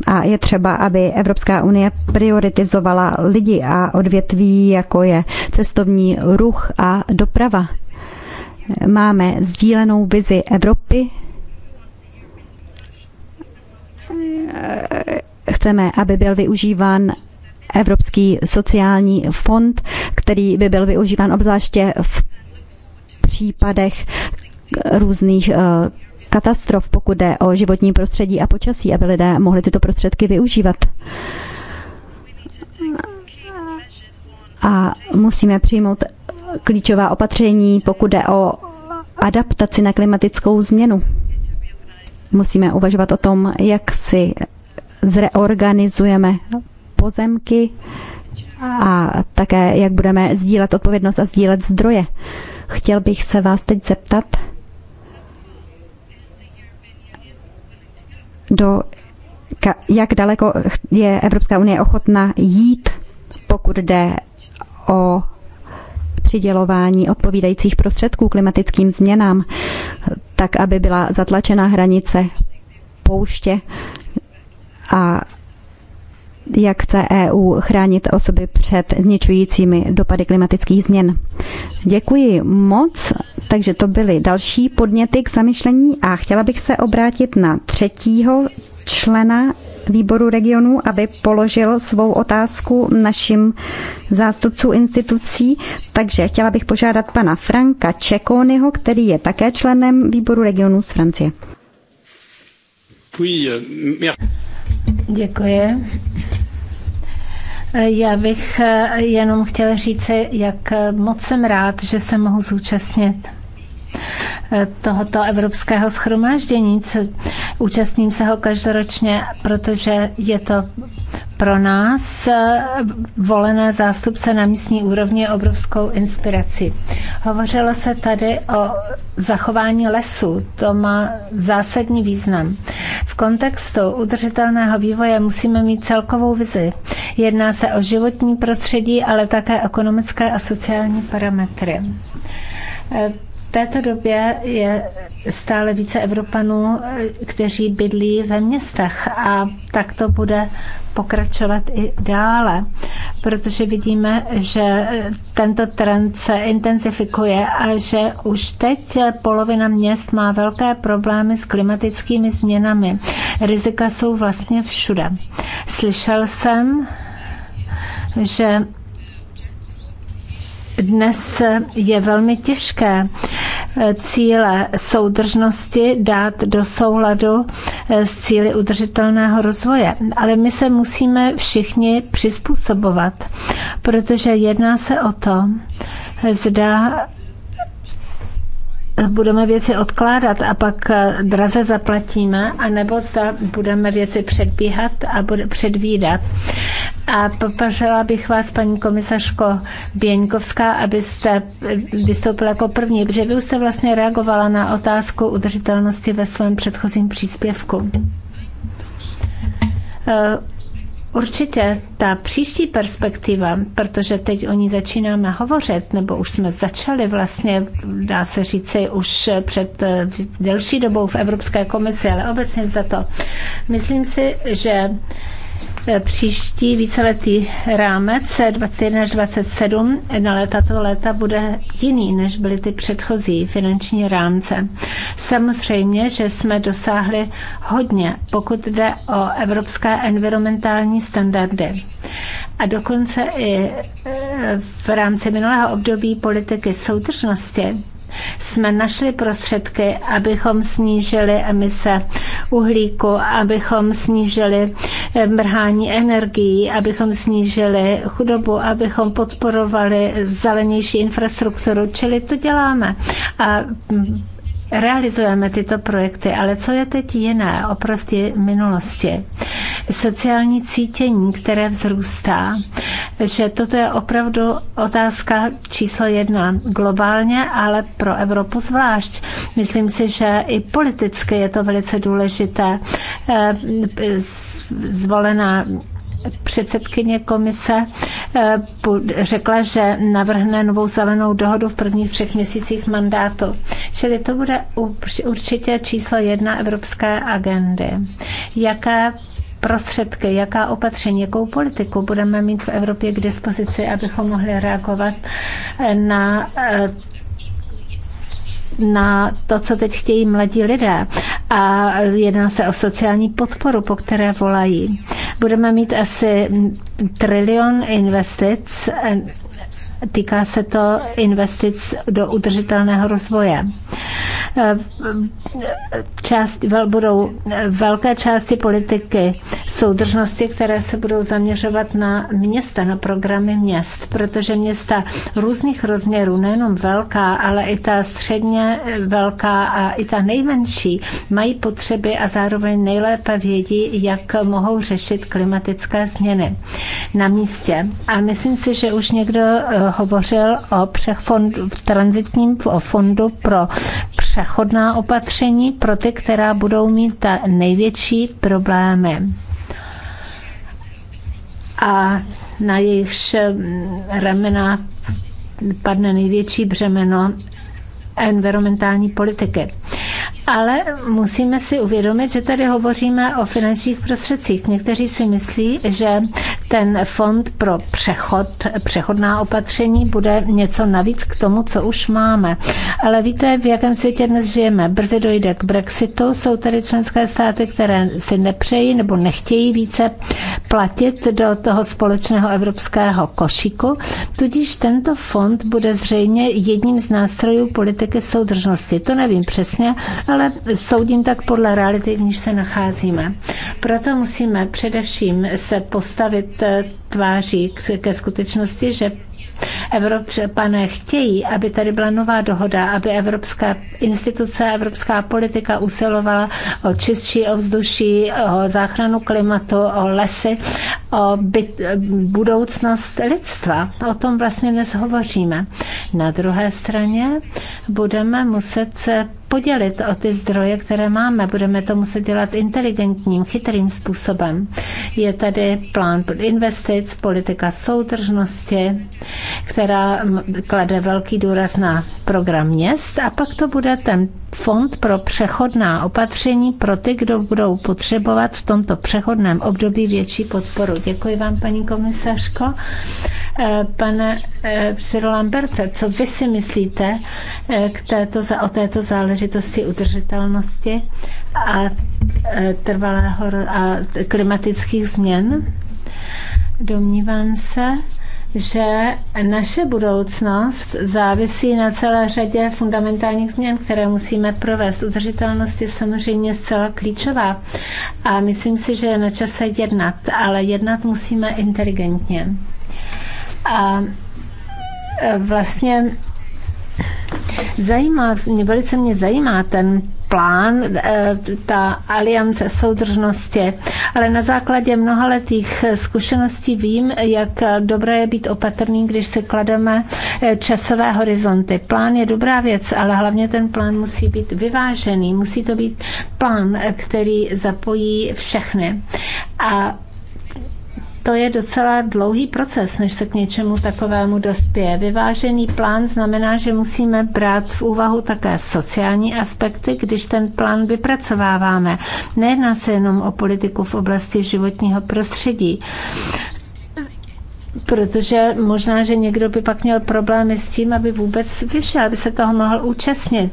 A je třeba, aby Evropská unie prioritizovala lidi a odvětví, jako je cestovní ruch a doprava. Máme sdílenou vizi Evropy, Chceme, aby byl využíván Evropský sociální fond, který by byl využíván obzvláště v případech různých eh, katastrof, pokud jde o životní prostředí a počasí, aby lidé mohli tyto prostředky využívat. A musíme přijmout klíčová opatření, pokud jde o adaptaci na klimatickou změnu. Musíme uvažovat o tom, jak si zreorganizujeme pozemky a také jak budeme sdílet odpovědnost a sdílet zdroje. Chtěl bych se vás teď zeptat, do, jak daleko je Evropská unie ochotna jít, pokud jde o přidělování odpovídajících prostředků klimatickým změnám, tak aby byla zatlačena hranice pouště a jak chce EU chránit osoby před zničujícími dopady klimatických změn. Děkuji moc, takže to byly další podněty k zamyšlení a chtěla bych se obrátit na třetího člena výboru regionů, aby položil svou otázku našim zástupcům institucí. Takže chtěla bych požádat pana Franka Čekonyho, který je také členem výboru regionů z Francie. Děkuji. Já bych eh, jenom chtěla říct, jak eh, moc jsem rád, že se mohu zúčastnit eh, tohoto evropského schromáždění, co, Účastním se ho každoročně, protože je to pro nás eh, volené zástupce na místní úrovni obrovskou inspiraci. Hovořilo se tady o zachování lesu. To má zásadní význam. V kontextu udržitelného vývoje musíme mít celkovou vizi. Jedná se o životní prostředí, ale také ekonomické a sociální parametry. Eh, této době je stále více Evropanů, kteří bydlí ve městech a tak to bude pokračovat i dále, protože vidíme, že tento trend se intenzifikuje a že už teď polovina měst má velké problémy s klimatickými změnami. Rizika jsou vlastně všude. Slyšel jsem, že dnes je velmi těžké eh, cíle soudržnosti dát do souladu eh, s cíly udržitelného rozvoje. Ale my se musíme všichni přizpůsobovat, protože jedná se o to, zda budeme věci odkládat a pak eh, draze zaplatíme, anebo zda budeme věci předbíhat a bude předvídat. A popařila bych vás, paní komisařko Běňkovská, abyste eh, vystoupila jako první, protože vy už jste vlastně reagovala na otázku udržitelnosti ve svém předchozím příspěvku. Eh, Určitě ta příští perspektiva, protože teď o ní začínáme hovořit, nebo už jsme začali vlastně, dá se říci, už před eh, delší dobou v Evropské komisi, ale obecně za to. Myslím si, že Eh, příští víceletý rámec 21 eh, až 27 na léta toho léta bude jiný, než byly ty předchozí finanční rámce. Samozřejmě, že jsme dosáhli hodně, pokud jde o evropské environmentální standardy. A dokonce i eh, v rámci minulého období politiky soudržnosti jsme našli prostředky, abychom snížili emise uhlíku, abychom snížili eh, mrhání energií, abychom snížili chudobu, abychom podporovali zelenější infrastrukturu, čili to děláme. A mm, realizujeme tyto projekty, ale co je teď jiné oproti minulosti? Sociální cítění, které vzrůstá, že toto je opravdu otázka číslo jedna globálně, ale pro Evropu zvlášť. Myslím si, že i politicky je to velice důležité. Eh, zvolená předsedkyně komise eh, řekla, že navrhne novou zelenou dohodu v prvních třech měsících mandátu. Čili to bude určitě číslo jedna evropské agendy. Jaké prostředky, jaká opatření, jakou politiku budeme mít v Evropě k dispozici, abychom mohli reagovat eh, na eh, na to, co teď chtějí mladí lidé. A jedná se o sociální podporu, po které volají budeme mít asi trilion investic eh, týká se to investic do udržitelného rozvoje. Část, vel, budou velké části politiky soudržnosti, které se budou zaměřovat na města, na programy měst, protože města různých rozměrů, nejenom velká, ale i ta středně velká a i ta nejmenší, mají potřeby a zároveň nejlépe vědí, jak mohou řešit klimatické změny na místě. A myslím si, že už někdo eh, hovořil o v transitním fondu pro přechodná opatření pro ty, která budou mít ta největší problémy. A na jejich mm, ramena padne největší břemeno environmentální politiky. Ale musíme si uvědomit, že tady hovoříme o finančních prostředcích. Někteří si myslí, že ten fond pro přechod, přechodná opatření bude něco navíc k tomu, co už máme. Ale víte, v jakém světě dnes žijeme? Brzy dojde k Brexitu. Jsou tady členské státy, které si nepřejí nebo nechtějí více platit do toho společného evropského košíku. Tudíž tento fond bude zřejmě jedním z nástrojů politiky politiky soudržnosti. To nevím přesně, ale soudím tak podle reality, v níž se nacházíme. Proto musíme především se postavit eh, tváří ke skutečnosti, že Evropané chtějí, aby tady byla nová dohoda, aby evropská instituce, evropská politika usilovala o čistší ovzduší, o záchranu klimatu, o lesy, o byt, budoucnost lidstva. O tom vlastně dnes hovoříme. Na druhé straně budeme muset se podělit o ty zdroje, které máme. Budeme to muset dělat inteligentním, chytrým způsobem. Je tady plán investic, politika soudržnosti, která klade velký důraz na program měst a pak to bude ten fond pro přechodná opatření pro ty, kdo budou potřebovat v tomto přechodném období větší podporu. Děkuji vám, paní komisařko. Eh, pane Cyril eh, Lamberce, co vy si myslíte eh, k této, o této záležitosti udržitelnosti a trvalého a klimatických změn? Domnívám se, že naše budoucnost závisí na celé řadě fundamentálních změn, které musíme provést. Udržitelnost je samozřejmě zcela klíčová a myslím si, že je na čase jednat, ale jednat musíme inteligentně. A e, vlastně Zajímá, mě, velice mě zajímá ten plán, eh, ta aliance soudržnosti, ale na základě mnohaletých zkušeností vím, jak dobré je být opatrný, když si klademe eh, časové horizonty. Plán je dobrá věc, ale hlavně ten plán musí být vyvážený. Musí to být plán, eh, který zapojí všechny. A to je docela dlouhý proces, než se k něčemu takovému dospěje. Vyvážený plán znamená, že musíme brát v úvahu také sociální aspekty, když ten plán vypracováváme. Nejedná se jenom o politiku v oblasti životního prostředí. Protože možná, že někdo by pak měl problémy s tím, aby vůbec vyšel, aby se toho mohl účastnit.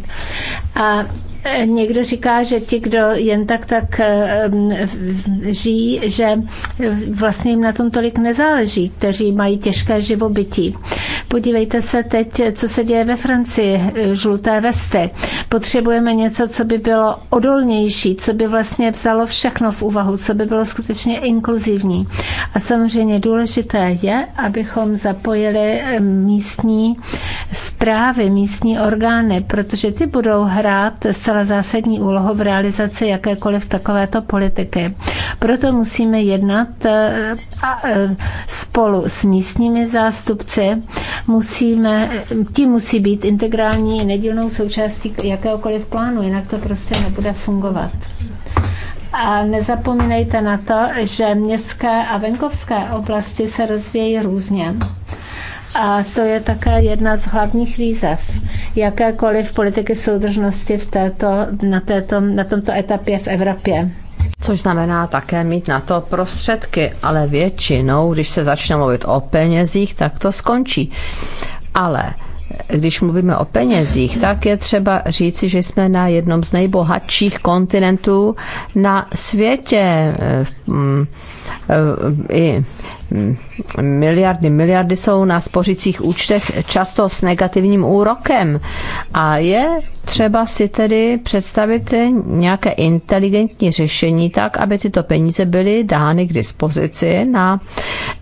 A Eh, někdo říká, že ti, kdo jen tak tak eh, žijí, že eh, vlastně jim na tom tolik nezáleží, kteří mají těžké živobytí. Podívejte se teď, co se děje ve Francii, žluté vesty. Potřebujeme něco, co by bylo odolnější, co by vlastně vzalo všechno v úvahu, co by bylo skutečně inkluzivní. A samozřejmě důležité je, abychom zapojili místní zprávy, místní orgány, protože ty budou hrát se zcela zásadní úlohu v realizaci jakékoliv takovéto politiky. Proto musíme jednat eh, eh, spolu s místními zástupci. Musíme, ti musí být integrální nedílnou součástí jakéhokoliv plánu, jinak to prostě nebude fungovat. A nezapomínejte na to, že městské a venkovské oblasti se rozvíjejí různě. A to je také jedna z hlavních výzev jakékoliv politiky soudržnosti v této, na, této, na tomto etapě v Evropě. Což znamená také mít na to prostředky, ale většinou, když se začne mluvit o penězích, tak to skončí. Ale když mluvíme o penězích, tak je třeba říci, že jsme na jednom z nejbohatších kontinentů na světě. Hmm Eh, i mm, miliardy, miliardy jsou na spořicích účtech často s negativním úrokem a je třeba si tedy představit nějaké inteligentní řešení tak, aby tyto peníze byly dány k dispozici na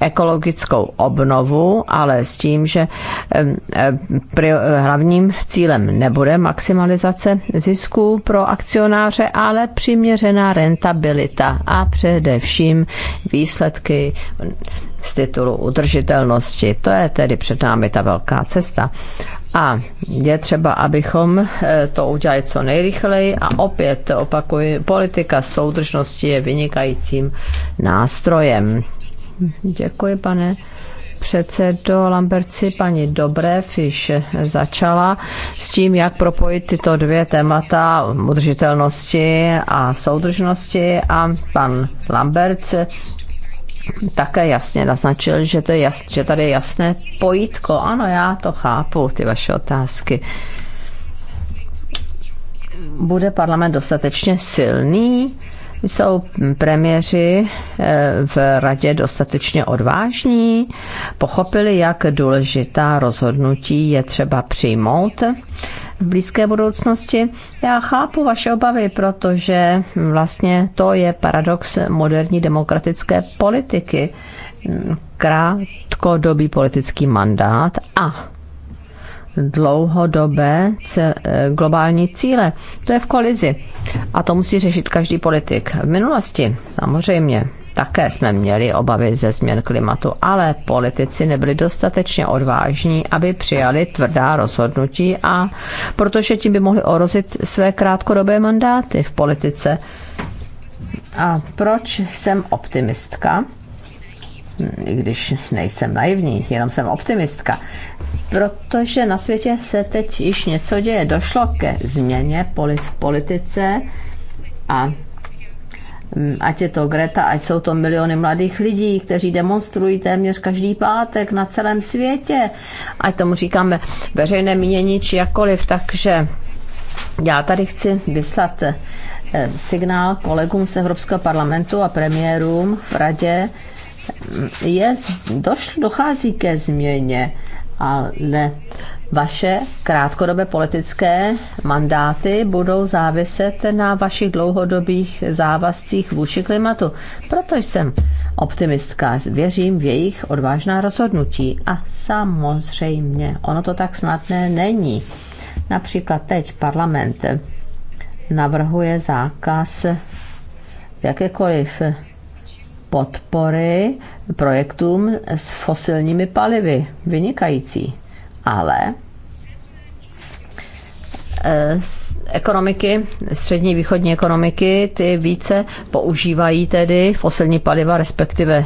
ekologickou obnovu, ale s tím, že eh, hlavním cílem nebude maximalizace zisků pro akcionáře, ale přiměřená rentabilita a především výsledky z titulu udržitelnosti. To je tedy před námi ta velká cesta. A je třeba, abychom eh, to udělali co nejrychleji a opět opakuji, politika soudržnosti je vynikajícím nástrojem. Děkuji, pane předsedo Lamberci, paní Dobrev již začala s tím, jak propojit tyto dvě témata udržitelnosti a soudržnosti a pan Lamberc také jasně naznačil, že, to je jas, že tady je jasné pojítko. Ano, já to chápu, ty vaše otázky. Bude parlament dostatečně silný? Jsou premiéři eh, v radě dostatečně odvážní, pochopili, jak důležitá rozhodnutí je třeba přijmout v blízké budoucnosti. Já chápu vaše obavy, protože vlastně to je paradox moderní demokratické politiky. Krátkodobý politický mandát a dlouhodobé eh, globální cíle. To je v kolizi. A to musí řešit každý politik. V minulosti samozřejmě také jsme měli obavy ze změn klimatu, ale politici nebyli dostatečně odvážní, aby přijali tvrdá rozhodnutí a protože tím by mohli orozit své krátkodobé mandáty v politice. A proč jsem optimistka? i když nejsem naivní, jenom jsem optimistka, protože na světě se teď již něco děje. Došlo ke změně v politice a mm, ať je to Greta, ať jsou to miliony mladých lidí, kteří demonstrují téměř každý pátek na celém světě, ať tomu říkáme veřejné mínění či jakkoliv, takže já tady chci vyslat eh, signál kolegům z Evropského parlamentu a premiérům v radě, je, došlo, dochází ke změně, ale vaše krátkodobé politické mandáty budou záviset na vašich dlouhodobých závazcích vůči klimatu. Proto jsem optimistka, věřím v jejich odvážná rozhodnutí. A samozřejmě, ono to tak snadné není. Například teď parlament navrhuje zákaz jakékoliv podpory projektům s fosilními palivy. Vynikající. Ale eh, ekonomiky, střední východní ekonomiky, ty více používají tedy fosilní paliva, respektive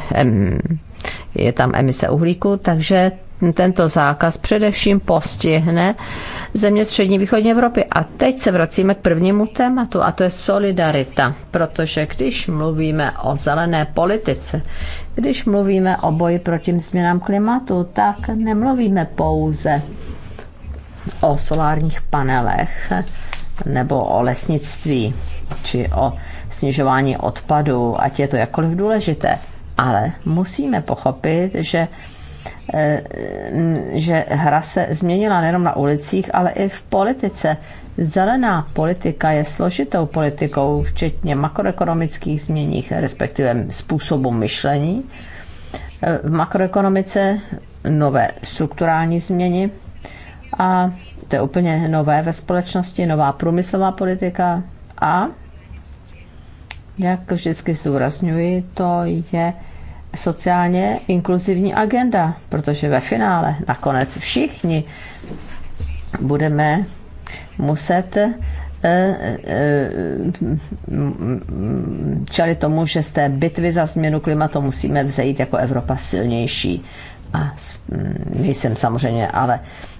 je tam emise uhlíku, takže tento zákaz především postihne země střední východní Evropy. A teď se vracíme k prvnímu tématu a to je solidarita. Protože když mluvíme o zelené politice, když mluvíme o boji proti změnám klimatu, tak nemluvíme pouze o solárních panelech nebo o lesnictví či o snižování odpadu, ať je to jakkoliv důležité. Ale musíme pochopit, že Eh, že hra se změnila nejenom na ulicích, ale i v politice. Zelená politika je složitou politikou, včetně makroekonomických změních, respektive způsobu myšlení. Eh, v makroekonomice nové strukturální změny a to je úplně nové ve společnosti, nová průmyslová politika a jak vždycky zdůrazňuji, to je sociálně inkluzivní agenda, protože ve finále nakonec všichni budeme muset eh, eh, čali tomu, že z té bitvy za změnu klimatu musíme vzejít jako Evropa silnější. A nejsem samozřejmě ale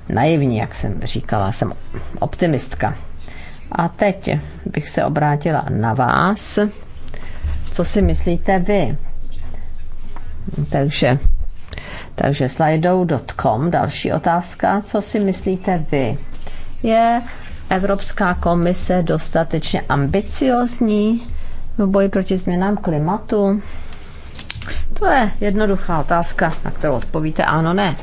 naivní, jak jsem říkala, jsem optimistka. A teď bych se obrátila na vás. Co si myslíte vy? Takže, takže slidou.com, další otázka. Co si myslíte vy? Je Evropská komise dostatečně ambiciozní v boji proti změnám klimatu? To je jednoduchá otázka, na kterou odpovíte ano, ne.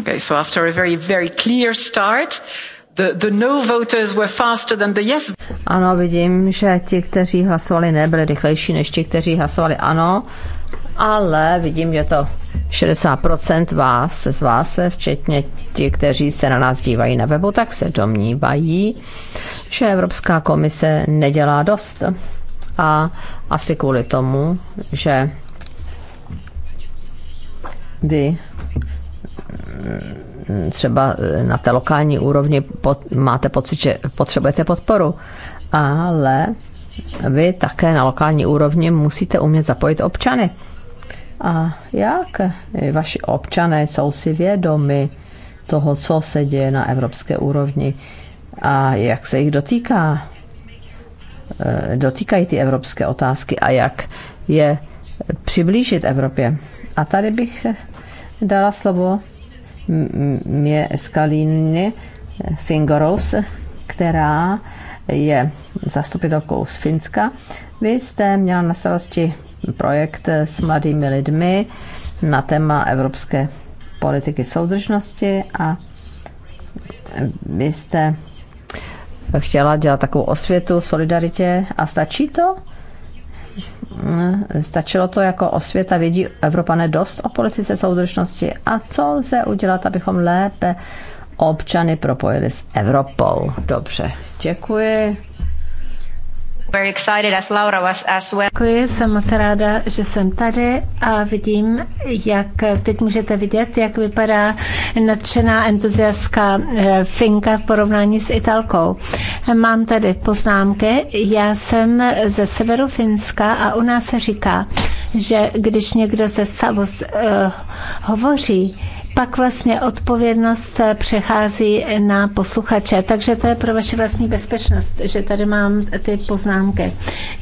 Okay, so after a very, very clear start, the, the no voters were faster than the yes. Ano, vidím, že ti, kteří hlasovali ne, byli rychlejší než ti, kteří hlasovali ano, ale vidím, že to 60% vás, z vás, včetně ti, kteří se na nás dívají na webu, tak se domnívají, že Evropská komise nedělá dost. A asi kvůli tomu, že vy Eh, třeba eh, na té lokální úrovni pot, máte pocit, že potřebujete podporu, ale vy také na lokální úrovni musíte umět zapojit občany. A jak vaši občané jsou si vědomi toho, co se děje na evropské úrovni a jak se jich dotýká, eh, dotýkají ty evropské otázky a jak je přiblížit Evropě. A tady bych dala slovo mě Skalini Fingoros, která je zastupitelkou z Finska. Vy jste měla na starosti projekt s mladými lidmi na téma evropské politiky soudržnosti a vy jste chtěla dělat takovou osvětu solidaritě a stačí to? Hm, stačilo to jako osvěta, vědí Evropané dost o politice soudržnosti a co lze udělat, abychom lépe občany propojili s Evropou. Dobře, děkuji. Děkuji, jsem moc ráda, že jsem tady a vidím, jak teď můžete vidět, jak vypadá nadšená entuziastka eh, Finka v porovnání s Italkou. Mám tady poznámky. Já jsem ze severu Finska a u nás se říká, že když někdo ze Savos uh, eh, hovoří, pak vlastně odpovědnost přechází na posluchače. Takže to je pro vaši vlastní bezpečnost, že tady mám ty poznámky.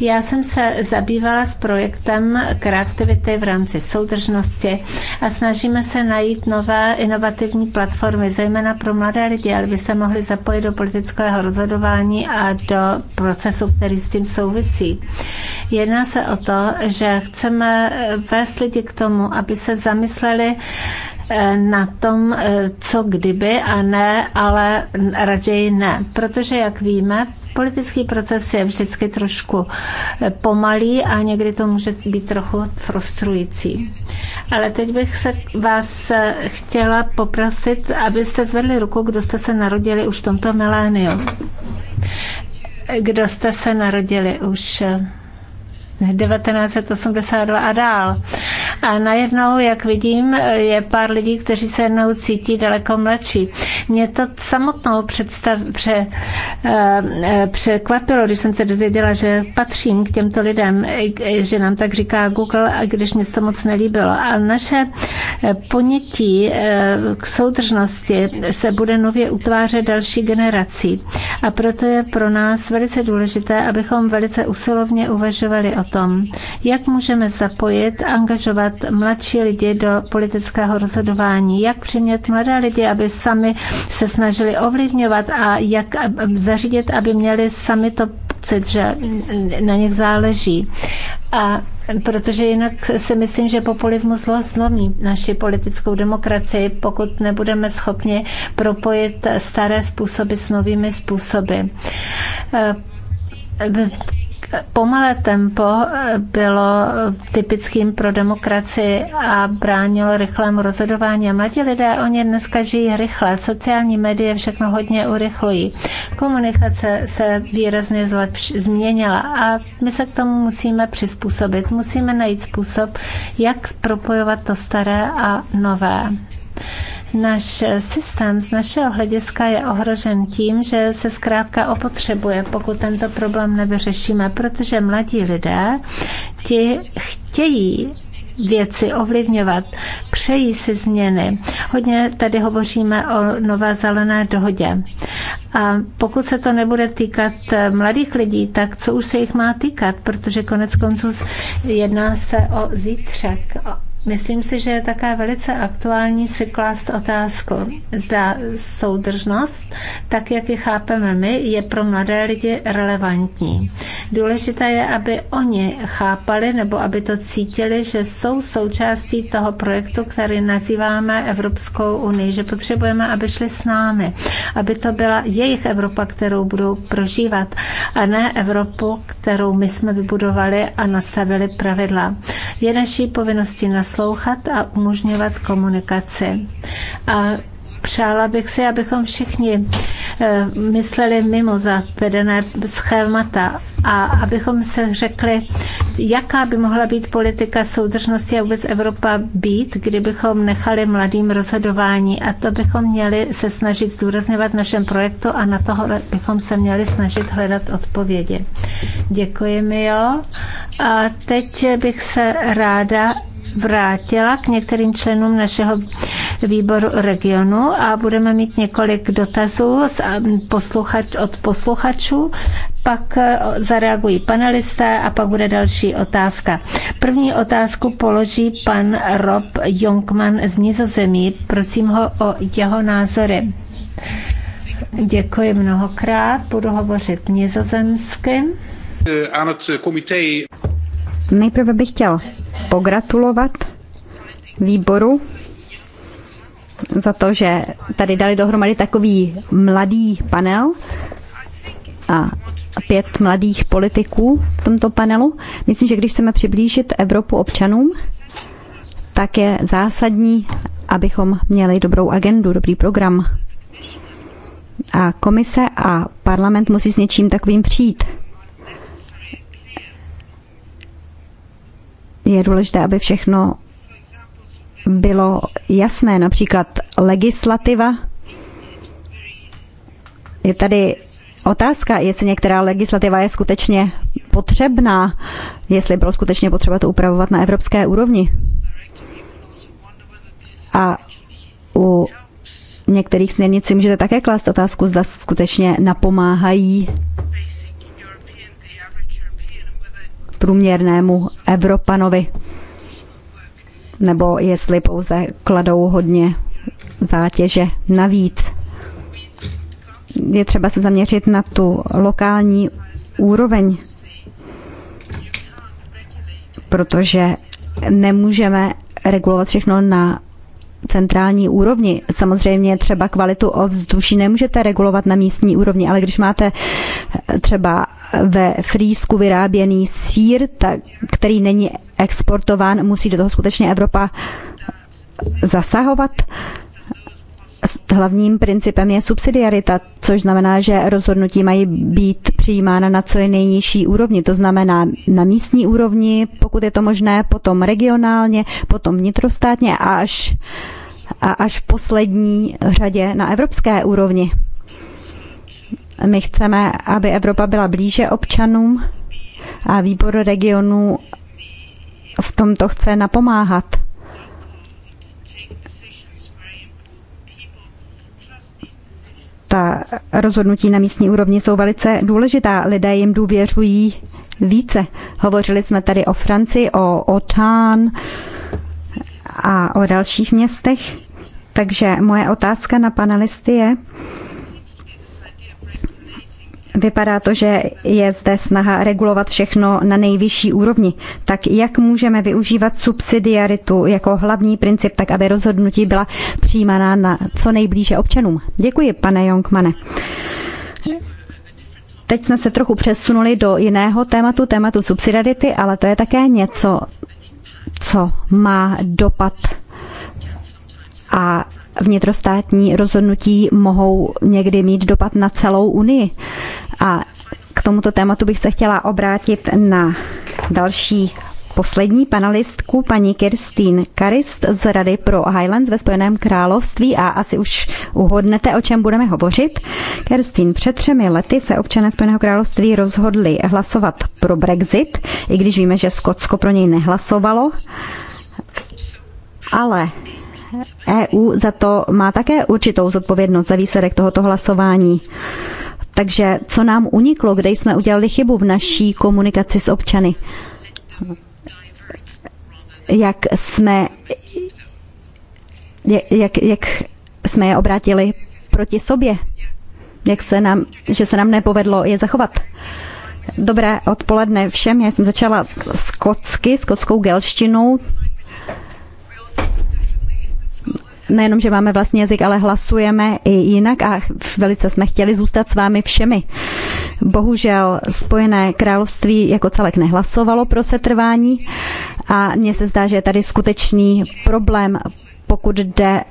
Já jsem se zabývala s projektem kreativity v rámci soudržnosti a snažíme se najít nové inovativní platformy, zejména pro mladé lidi, aby se mohli zapojit do politického rozhodování a do procesu, který s tím souvisí. Jedná se o to, že chceme vést lidi k tomu, aby se zamysleli, Eh, na tom, eh, co kdyby a ne, ale raději ne. Protože, jak víme, politický proces je vždycky trošku eh, pomalý a někdy to může být trochu frustrující. Ale teď bych se vás chtěla poprosit, abyste zvedli ruku, kdo jste se narodili už v tomto miléniu. Kdo jste se narodili už 1982 a dál. A najednou, jak vidím, je pár lidí, kteří se jednou cítí daleko mladší. Mě to samotnou představ, pře, eh, překvapilo, když jsem se dozvěděla, že patřím k těmto lidem, že nám tak říká Google, a když mě to moc nelíbilo. A naše ponětí eh, k soudržnosti se bude nově utvářet další generací. A proto je pro nás velice důležité, abychom velice usilovně uvažovali o tom, jak můžeme zapojit, angažovat mladší lidi do politického rozhodování, jak přimět mladé lidi, aby sami se snažili ovlivňovat a jak zařídit, aby měli sami to pocit, že na nich záleží. A protože jinak si myslím, že populismus zlomí naši politickou demokracii, pokud nebudeme schopni propojit staré způsoby s novými způsoby eh, Pomalé tempo eh, bylo typickým pro demokracii a bránilo rychlému rozhodování. A mladí lidé, oni dneska žijí rychle. Sociální média všechno hodně urychlují. Komunikace se výrazně zlepš- změnila a my se k tomu musíme přizpůsobit. Musíme najít způsob, jak propojovat to staré a nové. Náš systém z našeho hlediska je ohrožen tím, že se zkrátka opotřebuje, pokud tento problém nevyřešíme, protože mladí lidé ti chtějí věci ovlivňovat, přejí si změny. Hodně tady hovoříme o nové zelené dohodě. A pokud se to nebude týkat eh, mladých lidí, tak co už se jich má týkat, protože konec konců jedná se o zítřek, Myslím si, že je také velice aktuální si klást otázku. Zda soudržnost, tak jak ji chápeme my, je pro mladé lidi relevantní. Důležité je, aby oni chápali nebo aby to cítili, že jsou součástí toho projektu, který nazýváme Evropskou unii, že potřebujeme, aby šli s námi, aby to byla jejich Evropa, kterou budou prožívat, a ne Evropu, kterou my jsme vybudovali a nastavili pravidla. Je naší povinností naslouchat naslouchat a umožňovat komunikaci. A přála bych si, abychom všichni eh, mysleli mimo zavedené schémata a abychom se řekli, jaká by mohla být politika soudržnosti a vůbec Evropa být, kdybychom nechali mladým rozhodování. A to bychom měli se snažit zdůrazňovat v našem projektu a na toho bychom se měli snažit hledat odpovědi. Děkuji mi, jo. A teď bych se ráda vrátila k některým členům našeho výboru regionu a budeme mít několik dotazů posluchač, od posluchačů, pak e, zareagují panelisté a pak bude další otázka. První otázku položí pan Rob Jonkman z Nizozemí. Prosím ho o jeho názory. Děkuji mnohokrát, budu hovořit nizozemsky. Nejprve bych chtěl pogratulovat výboru za to, že tady dali dohromady takový mladý panel a pět mladých politiků v tomto panelu. Myslím, že když chceme přiblížit Evropu občanům, tak je zásadní, abychom měli dobrou agendu, dobrý program. A komise a parlament musí s něčím takovým přijít. je důležité, aby všechno bylo jasné. Například legislativa. Je tady otázka, jestli některá legislativa je skutečně potřebná, jestli bylo skutečně potřeba to upravovat na evropské úrovni. A u některých směrnic si můžete také klást otázku, zda skutečně napomáhají průměrnému Evropanovi. Nebo jestli pouze kladou hodně zátěže navíc. Je třeba se zaměřit na tu lokální úroveň, protože nemůžeme regulovat všechno na centrální úrovni. Samozřejmě třeba kvalitu ovzduší nemůžete regulovat na místní úrovni, ale když máte eh, třeba ve Frýsku vyráběný sír, tak, který není exportován, musí do toho skutečně Evropa zasahovat. Hlavním principem je subsidiarita, což znamená, že rozhodnutí mají být přijímána na co je nejnižší úrovni, to znamená na místní úrovni, pokud je to možné, potom regionálně, potom vnitrostátně a až, a až v poslední řadě na evropské úrovni. My chceme, aby Evropa byla blíže občanům a výbor regionů v tomto chce napomáhat. Ta rozhodnutí na místní úrovni jsou velice důležitá. Lidé jim důvěřují více. Hovořili jsme tady o Francii, o Otán a o dalších městech. Takže moje otázka na panelisty je, Vypadá to, že je zde snaha regulovat všechno na nejvyšší úrovni. Tak jak můžeme využívat subsidiaritu jako hlavní princip, tak aby rozhodnutí byla přijímaná na co nejblíže občanům? Děkuji, pane Jongmane. Teď jsme se trochu přesunuli do jiného tématu, tématu subsidiarity, ale to je také něco, co má dopad a vnitrostátní rozhodnutí mohou někdy mít dopad na celou Unii. A k tomuto tématu bych se chtěla obrátit na další poslední panelistku, paní Kirstín Karist z Rady pro Highlands ve Spojeném království a asi už uhodnete, o čem budeme hovořit. Kirstín, před třemi lety se občané Spojeného království rozhodli hlasovat pro Brexit, i když víme, že Skotsko pro něj nehlasovalo. Ale EU za to má také určitou zodpovědnost za výsledek tohoto hlasování. Takže co nám uniklo, kde jsme udělali chybu v naší komunikaci s občany? Jak jsme, jak, jak jsme je obrátili proti sobě? Jak se nám, že se nám nepovedlo je zachovat? Dobré odpoledne všem. Já jsem začala skotsky, skotskou gelštinou, nejenom, že máme vlastní jazyk, ale hlasujeme i jinak a velice jsme chtěli zůstat s vámi všemi. Bohužel Spojené království jako celek nehlasovalo pro setrvání a mně se zdá, že je tady skutečný problém, pokud jde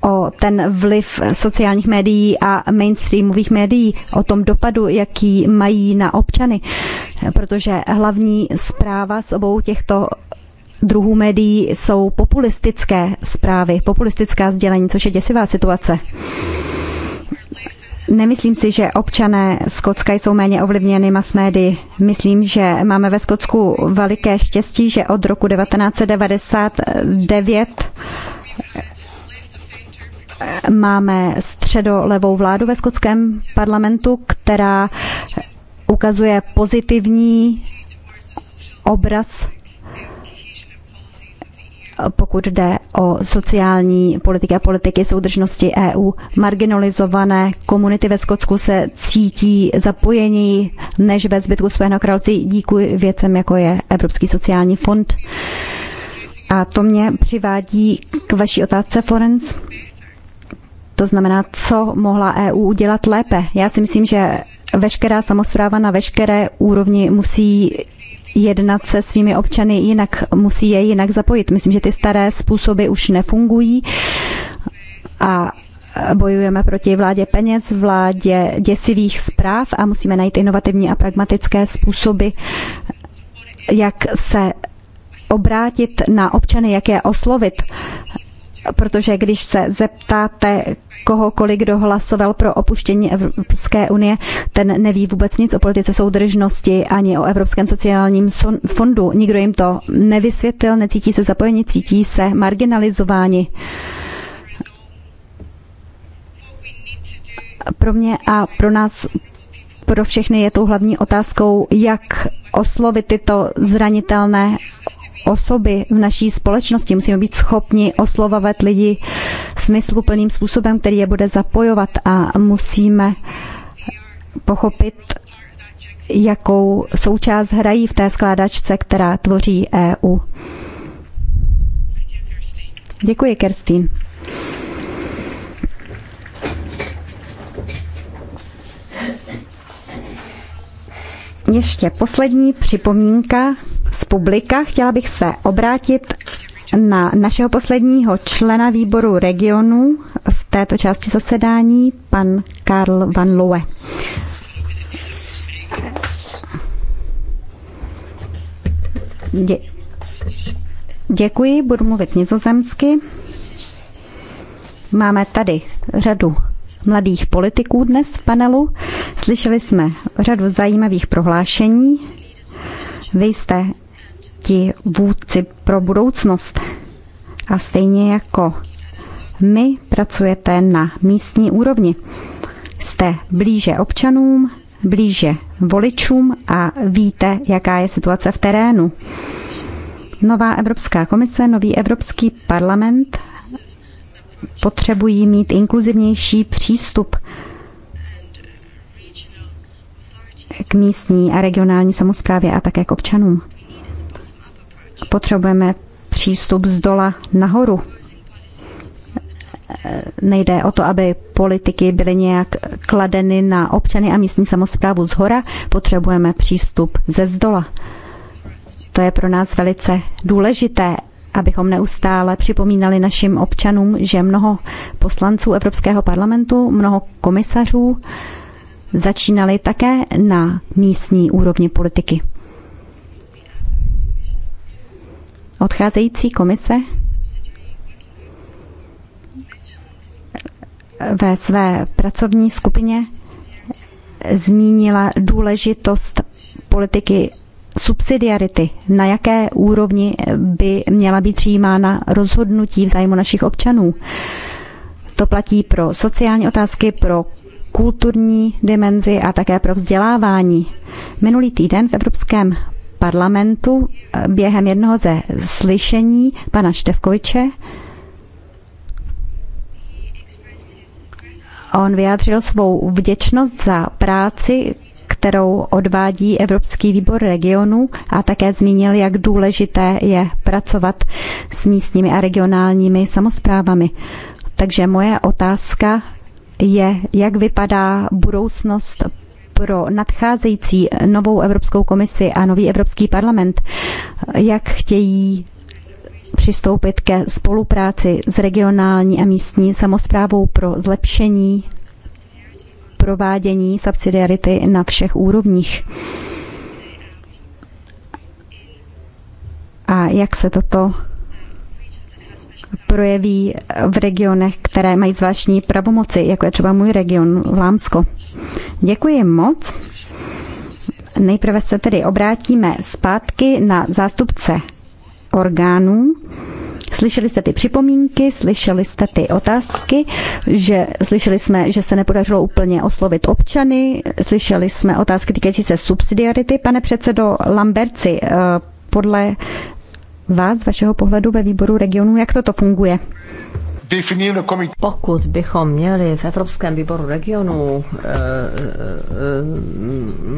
o ten vliv sociálních médií a mainstreamových médií, o tom dopadu, jaký mají na občany, protože hlavní zpráva z obou těchto druhů médií jsou populistické zprávy, populistická sdělení, což je děsivá situace. Nemyslím si, že občané Skotska jsou méně ovlivněni masmédii. Myslím, že máme ve Skotsku veliké štěstí, že od roku 1999 máme středolevou vládu ve skotském parlamentu, která ukazuje pozitivní obraz pokud jde o sociální politiky a politiky soudržnosti EU. Marginalizované komunity ve Skotsku se cítí zapojení než ve zbytku svého království díky věcem, jako je Evropský sociální fond. A to mě přivádí k vaší otázce, Florence. To znamená, co mohla EU udělat lépe. Já si myslím, že veškerá samozpráva na veškeré úrovni musí jednat se svými občany jinak, musí je jinak zapojit. Myslím, že ty staré způsoby už nefungují a bojujeme proti vládě peněz, vládě děsivých zpráv a musíme najít inovativní a pragmatické způsoby, jak se obrátit na občany, jak je oslovit protože když se zeptáte kohokoliv, kdo hlasoval pro opuštění Evropské unie, ten neví vůbec nic o politice soudržnosti ani o Evropském sociálním fondu. Nikdo jim to nevysvětlil, necítí se zapojeni, cítí se marginalizováni. Pro mě a pro nás pro všechny je tou hlavní otázkou, jak oslovit tyto zranitelné osoby v naší společnosti. Musíme být schopni oslovovat lidi smysluplným způsobem, který je bude zapojovat a musíme pochopit, jakou součást hrají v té skládačce, která tvoří EU. Děkuji, Kerstin. Ještě poslední připomínka z publika. Chtěla bych se obrátit na našeho posledního člena výboru regionu v této části zasedání, pan Karl Van Loe. Dě- děkuji, budu mluvit nizozemsky. Máme tady řadu mladých politiků dnes v panelu. Slyšeli jsme řadu zajímavých prohlášení. Vy jste ti vůdci pro budoucnost. A stejně jako my pracujete na místní úrovni. Jste blíže občanům, blíže voličům a víte, jaká je situace v terénu. Nová Evropská komise, nový Evropský parlament potřebují mít inkluzivnější přístup k místní a regionální samozprávě a také k občanům. Potřebujeme přístup z dola nahoru. Nejde o to, aby politiky byly nějak kladeny na občany a místní samozprávu z hora. Potřebujeme přístup ze zdola. To je pro nás velice důležité, abychom neustále připomínali našim občanům, že mnoho poslanců Evropského parlamentu, mnoho komisařů začínali také na místní úrovni politiky. odcházející komise ve své pracovní skupině zmínila důležitost politiky subsidiarity, na jaké úrovni by měla být přijímána rozhodnutí v zájmu našich občanů. To platí pro sociální otázky, pro kulturní dimenzi a také pro vzdělávání. Minulý týden v Evropském parlamentu eh, během jednoho ze slyšení pana Števkoviče. On vyjádřil svou vděčnost za práci, kterou odvádí Evropský výbor regionu a také zmínil, jak důležité je pracovat s místními a regionálními samozprávami. Takže moje otázka je, jak vypadá budoucnost pro nadcházející novou Evropskou komisi a nový Evropský parlament, jak chtějí přistoupit ke spolupráci s regionální a místní samozprávou pro zlepšení provádění subsidiarity na všech úrovních. A jak se toto projeví v regionech, které mají zvláštní pravomoci, jako je třeba můj region Vlámsko. Děkuji moc. Nejprve se tedy obrátíme zpátky na zástupce orgánů. Slyšeli jste ty připomínky, slyšeli jste ty otázky, že slyšeli jsme, že se nepodařilo úplně oslovit občany, slyšeli jsme otázky týkající se subsidiarity. Pane předsedo Lamberci, eh, podle vás, z vašeho pohledu ve výboru regionu, jak toto funguje? Pokud bychom měli v Evropském výboru regionu eh, eh,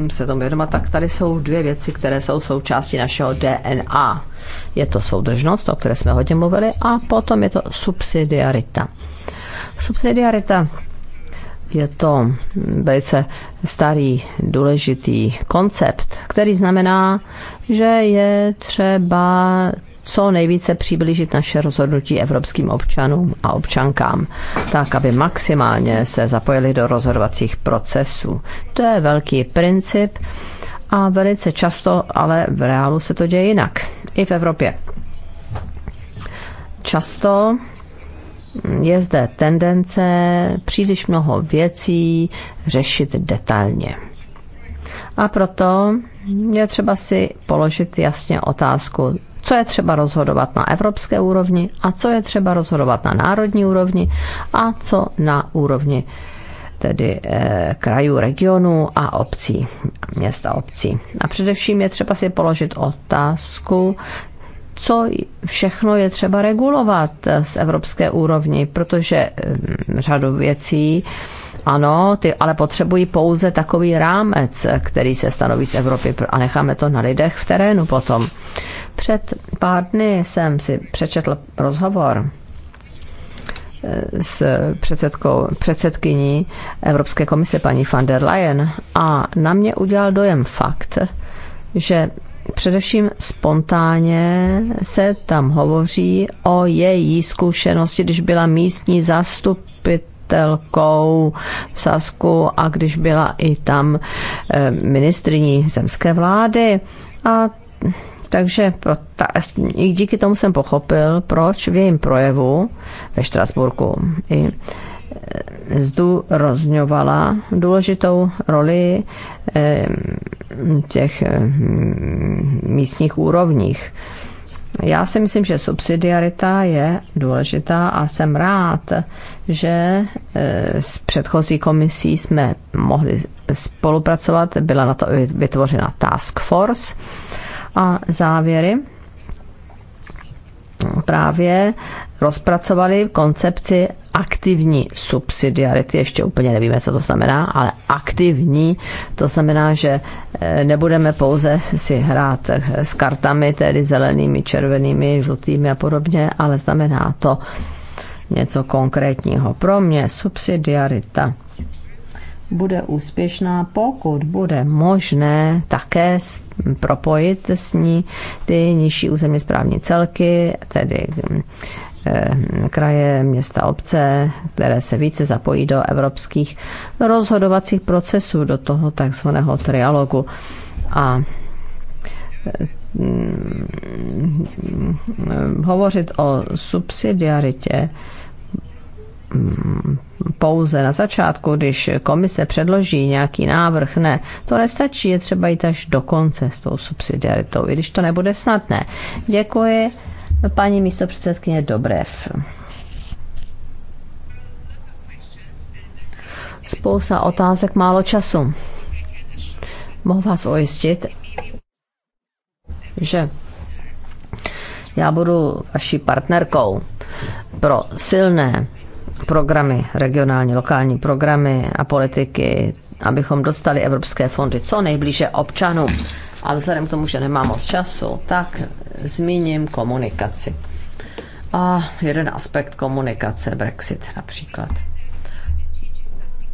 eh, se tomu vědomat, tak tady jsou dvě věci, které jsou součástí našeho DNA. Je to soudržnost, o které jsme hodně mluvili, a potom je to subsidiarita. Subsidiarita je to velice starý, důležitý koncept, který znamená, že je třeba co nejvíce přiblížit naše rozhodnutí evropským občanům a občankám, tak aby maximálně se zapojili do rozhodovacích procesů. To je velký princip a velice často, ale v reálu se to děje jinak. I v Evropě. Často je zde tendence příliš mnoho věcí řešit detailně. A proto je třeba si položit jasně otázku, co je třeba rozhodovat na evropské úrovni a co je třeba rozhodovat na národní úrovni a co na úrovni tedy eh, krajů, regionů a obcí, města obcí. A především je třeba si položit otázku, co všechno je třeba regulovat z evropské úrovni, protože mm, řadu věcí, ano, ty, ale potřebují pouze takový rámec, který se stanoví z Evropy a necháme to na lidech v terénu potom. Před pár dny jsem si přečetl rozhovor eh, s předsedkou, předsedkyní Evropské komise paní van der Leyen a na mě udělal dojem fakt, že především spontánně se tam hovoří o její zkušenosti, když byla místní zastupitelkou v Sasku a když byla i tam eh, ministriní zemské vlády. A takže pro ta, i díky tomu jsem pochopil, proč v jejím projevu ve Štrasburku i zdůrozňovala důležitou roli eh, těch eh, místních úrovních. Já si myslím, že subsidiarita je důležitá a jsem rád, že eh, s předchozí komisí jsme mohli spolupracovat. Byla na to vytvořena task force a závěry právě rozpracovali koncepci aktivní subsidiarity, ještě úplně nevíme, co to znamená, ale aktivní, to znamená, že eh, nebudeme pouze si hrát eh, s kartami, tedy zelenými, červenými, žlutými a podobně, ale znamená to něco konkrétního. Pro mě subsidiarita bude úspěšná, pokud bude možné také propojit s ní ty nižší územně správní celky, tedy hm, Eh, kraje, města, obce, které se více zapojí do evropských rozhodovacích procesů, do toho takzvaného trialogu. A eh, hovořit o subsidiaritě mm, pouze na začátku, když komise předloží nějaký návrh, ne, to nestačí, je třeba jít až do konce s tou subsidiaritou, i když to nebude snadné. Děkuji paní místo předsedkyně Dobrev. Spousta otázek, málo času. Mohu vás ojistit, že já budu vaší partnerkou pro silné programy, regionální, lokální programy a politiky, abychom dostali evropské fondy co nejblíže občanům. A vzhledem k tomu, že nemám moc času, tak zmíním komunikaci. A jeden aspekt komunikace, Brexit například.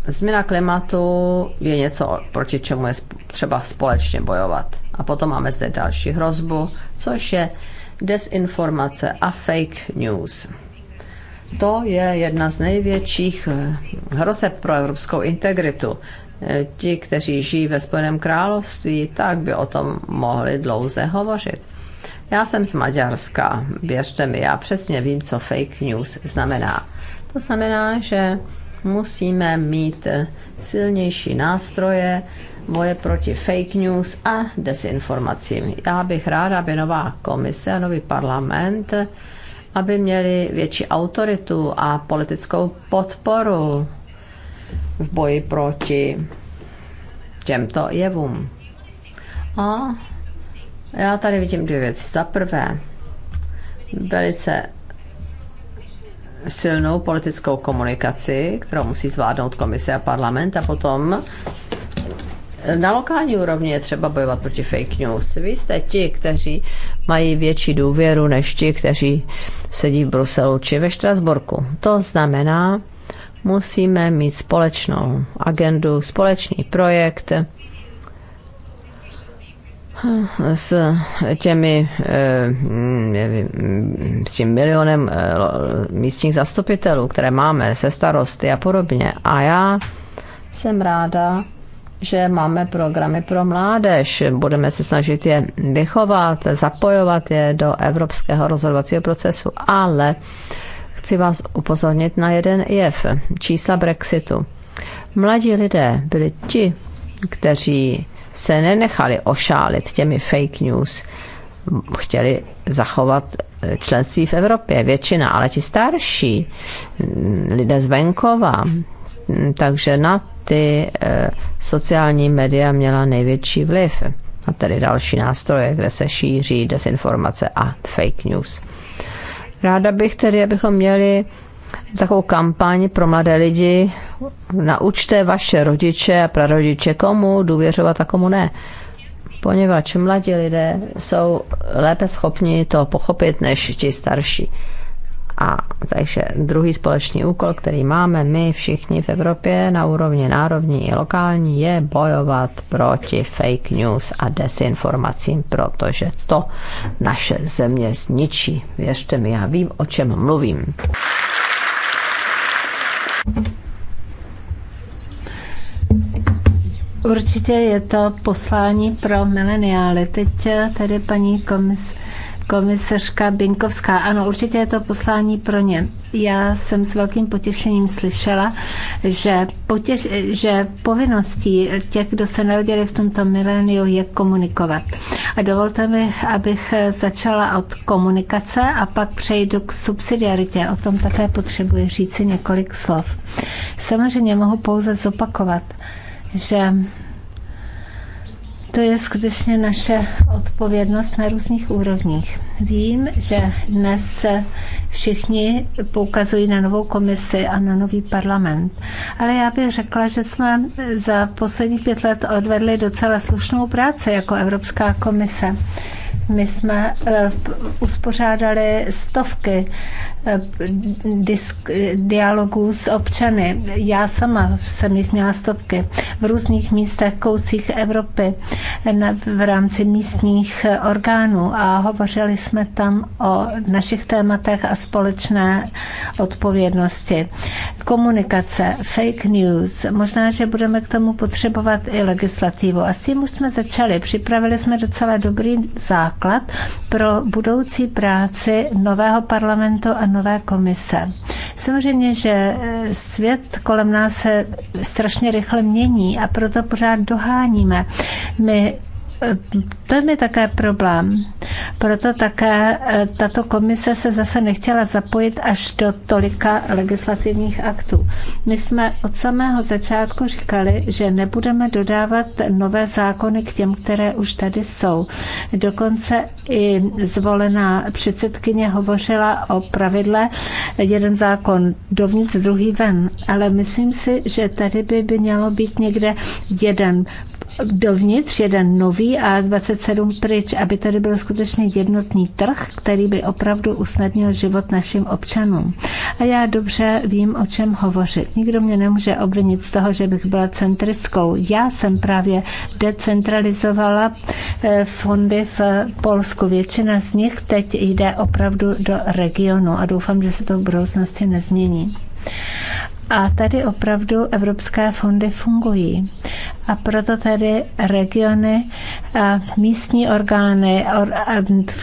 Změna klimatu je něco, proti čemu je třeba společně bojovat. A potom máme zde další hrozbu, což je desinformace a fake news. To je jedna z největších eh, hrozeb pro evropskou integritu ti, kteří žijí ve Spojeném království, tak by o tom mohli dlouze hovořit. Já jsem z Maďarska, věřte mi, já přesně vím, co fake news znamená. To znamená, že musíme mít silnější nástroje moje proti fake news a desinformacím. Já bych ráda, aby nová komise a nový parlament aby měli větší autoritu a politickou podporu v boji proti těmto jevům. A já tady vidím dvě věci. Za prvé, velice silnou politickou komunikaci, kterou musí zvládnout komise a parlament a potom na lokální úrovni je třeba bojovat proti fake news. Vy jste ti, kteří mají větší důvěru než ti, kteří sedí v Bruselu či ve Štrasburku. To znamená, musíme mít společnou agendu, společný projekt s těmi eh, s tím milionem eh, místních zastupitelů, které máme, se starosty a podobně. A já jsem ráda, že máme programy pro mládež. Budeme se snažit je vychovat, zapojovat je do evropského rozhodovacího procesu, ale chci vás upozornit na jeden jev, čísla Brexitu. Mladí lidé byli ti, kteří se nenechali ošálit těmi fake news, chtěli zachovat eh, členství v Evropě, většina, ale ti starší, mm, lidé z venkova, mm, takže na ty eh, sociální média měla největší vliv a tedy další nástroje, kde se šíří desinformace a fake news. Ráda bych tedy, abychom měli takovou kampaň pro mladé lidi. Naučte vaše rodiče a prarodiče komu důvěřovat a komu ne. Poněvadž mladí lidé jsou lépe schopni to pochopit než ti starší. A takže druhý společný úkol, který máme my všichni v Evropě na úrovni národní i lokální, je bojovat proti fake news a desinformacím, protože to naše země zničí. Věřte mi, já vím, o čem mluvím. Určitě je to poslání pro mileniály. Teď eh, tedy paní komis komisařka Binkovská. Ano, určitě je to poslání pro ně. Já jsem s velkým potěšením slyšela, že, potěš, že povinností těch, kdo se narodili v tomto miléniu, je komunikovat. A dovolte mi, abych začala od komunikace a pak přejdu k subsidiaritě. O tom také potřebuji říci několik slov. Samozřejmě mohu pouze zopakovat, že to je skutečně naše odpovědnost na různých úrovních. Vím, že dnes se všichni poukazují na novou komisi a na nový parlament. Ale já bych řekla, že jsme za posledních pět let odvedli docela slušnou práci jako Evropská komise. My jsme eh, uspořádali stovky Eh, disk, dialogu s občany. Já sama jsem jich měla stopky v různých místech, kousích Evropy na, v rámci místních orgánů a hovořili jsme tam o našich tématech a společné odpovědnosti. Komunikace, fake news, možná, že budeme k tomu potřebovat i legislativu a s tím už jsme začali. Připravili jsme docela dobrý základ pro budoucí práci nového parlamentu a nové komise. Samozřejmě, že e, svět kolem nás se strašně rychle mění a proto pořád doháníme. My to je také problém. Proto také e, tato komise se zase nechtěla zapojit až do tolika legislativních aktů. My jsme od samého začátku říkali, že nebudeme dodávat nové zákony k těm, které už tady jsou. Dokonce i zvolená předsedkyně hovořila o pravidle jeden zákon dovnitř, druhý ven. Ale myslím si, že tady by, by mělo být někde jeden dovnitř, jeden nový a 27 pryč, aby tady byl skutečně jednotný trh, který by opravdu usnadnil život našim občanům. A já dobře vím, o čem hovořit. Nikdo mě nemůže obvinit z toho, že bych byla centristkou. Já jsem právě decentralizovala eh, fondy v Polsku. Většina z nich teď jde opravdu do regionu a doufám, že se to v budoucnosti nezmění. A tady opravdu evropské fondy fungují. A proto tady regiony, místní orgány,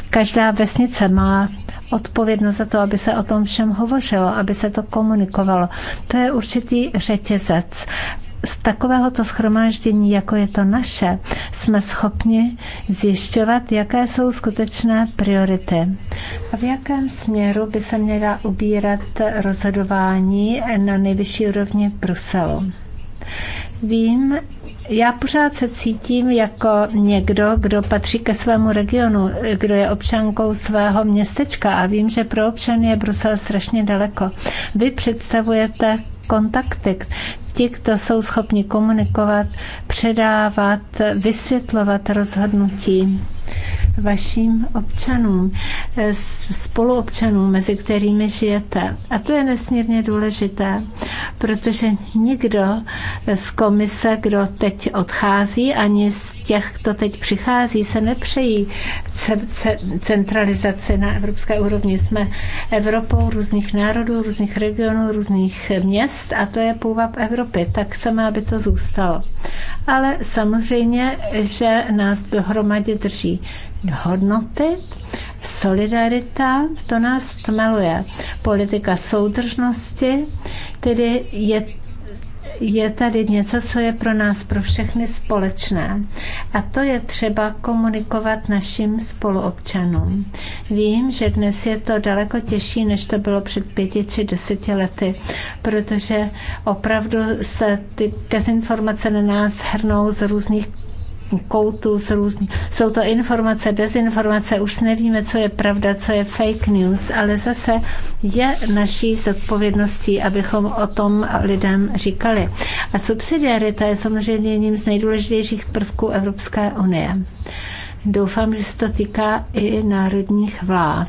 každá vesnice má odpovědnost za to, aby se o tom všem hovořilo, aby se to komunikovalo. To je určitý řetězec z takovéhoto schromáždění, jako je to naše, jsme schopni zjišťovat, jaké jsou skutečné priority a v jakém směru by se měla ubírat rozhodování na nejvyšší úrovni Bruselu. Vím, já pořád se cítím jako někdo, kdo patří ke svému regionu, kdo je občankou svého městečka a vím, že pro občany je Brusel strašně daleko. Vy představujete kontakty, ti, kdo jsou schopni komunikovat, předávat, vysvětlovat rozhodnutí vašim občanům, spoluobčanům, mezi kterými žijete. A to je nesmírně důležité, protože nikdo z komise, kdo teď odchází, ani z těch, kdo teď přichází, se nepřejí centralizaci na evropské úrovni. Jsme Evropou různých národů, různých regionů, různých měst a to je půvab Evropy Evropy, tak chceme, aby to zůstalo. Ale samozřejmě, že nás dohromady drží hodnoty, solidarita, to nás tmeluje. Politika soudržnosti, tedy je je tady něco, co je pro nás, pro všechny společné. A to je třeba komunikovat našim spoluobčanům. Vím, že dnes je to daleko těžší, než to bylo před pěti či deseti lety, protože opravdu se ty dezinformace na nás hrnou z různých koutů, z různých. Jsou to informace, dezinformace, už nevíme, co je pravda, co je fake news, ale zase je naší zodpovědností, abychom o tom lidem říkali. A subsidiarita je samozřejmě jedním z nejdůležitějších prvků Evropské unie. Doufám, že se to týká i národních vlád.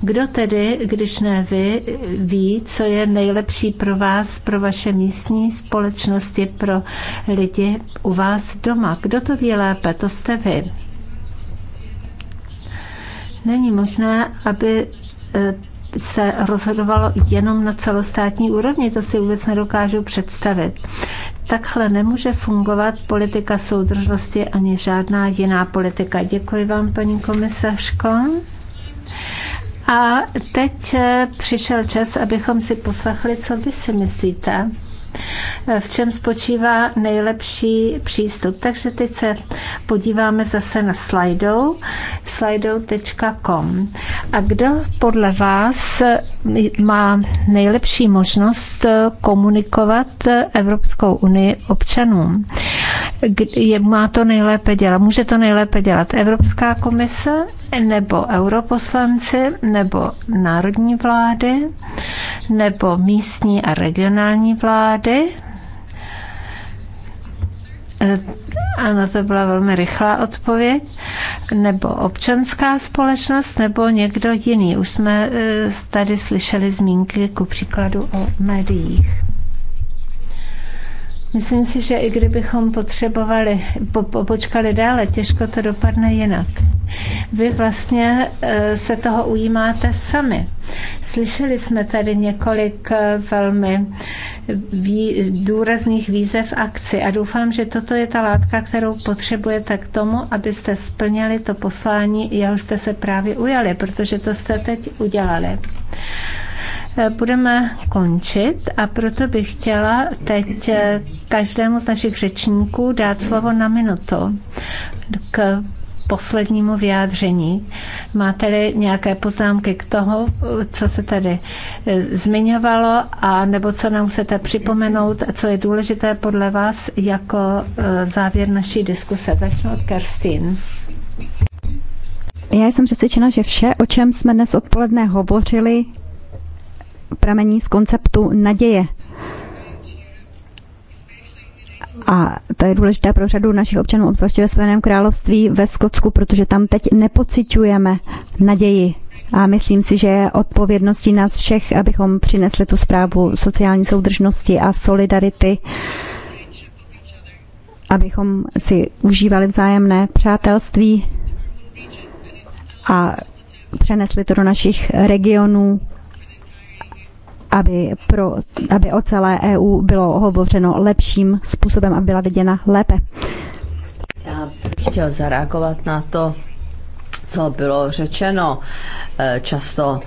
Kdo tedy, když ne vy, ví, co je nejlepší pro vás, pro vaše místní společnosti, pro lidi u vás doma? Kdo to ví lépe? To jste vy. Není možné, aby eh, se rozhodovalo jenom na celostátní úrovni, to si vůbec nedokážu představit. Takhle nemůže fungovat politika soudržnosti ani žádná jiná politika. Děkuji vám, paní komisařko. A teď přišel čas, abychom si poslechli, co vy si myslíte v čem spočívá nejlepší přístup. Takže teď se podíváme zase na slidou, slidou.com. A kdo podle vás má nejlepší možnost komunikovat Evropskou unii občanům? je, má to nejlépe dělat, může to nejlépe dělat Evropská komise nebo europoslanci nebo národní vlády nebo místní a regionální vlády. Eh, ano, to byla velmi rychlá odpověď. Nebo občanská společnost, nebo někdo jiný. Už jsme eh, tady slyšeli zmínky ku příkladu o médiích. Myslím si, že i kdybychom potřebovali, po, po, počkali dále, těžko to dopadne jinak. Vy vlastně eh, se toho ujímáte sami. Slyšeli jsme tady několik eh, velmi vý, důrazných výzev akci a doufám, že toto je ta látka, kterou potřebujete k tomu, abyste splněli to poslání, jehož jste se právě ujali, protože to jste teď udělali. Eh, budeme končit a proto bych chtěla teď eh, každému z našich řečníků dát slovo na minutu k poslednímu vyjádření. Máte-li nějaké poznámky k tomu, co se tady eh, zmiňovalo, a nebo co nám chcete připomenout co je důležité podle vás jako závěr naší diskuse? Začnu od Kerstin. Já jsem přesvědčena, že vše, o čem jsme dnes odpoledne hovořili, pramení z konceptu naděje. A to je důležité pro řadu našich občanů, obzvláště ve svém království ve Skotsku, protože tam teď nepociťujeme naději. A myslím si, že je odpovědností nás všech, abychom přinesli tu zprávu sociální soudržnosti a solidarity, abychom si užívali vzájemné přátelství a přenesli to do našich regionů aby, pro, aby o celé EU bylo hovořeno lepším způsobem a byla viděna lépe. Já bych chtěl zareagovat na to, co bylo řečeno. Eh, často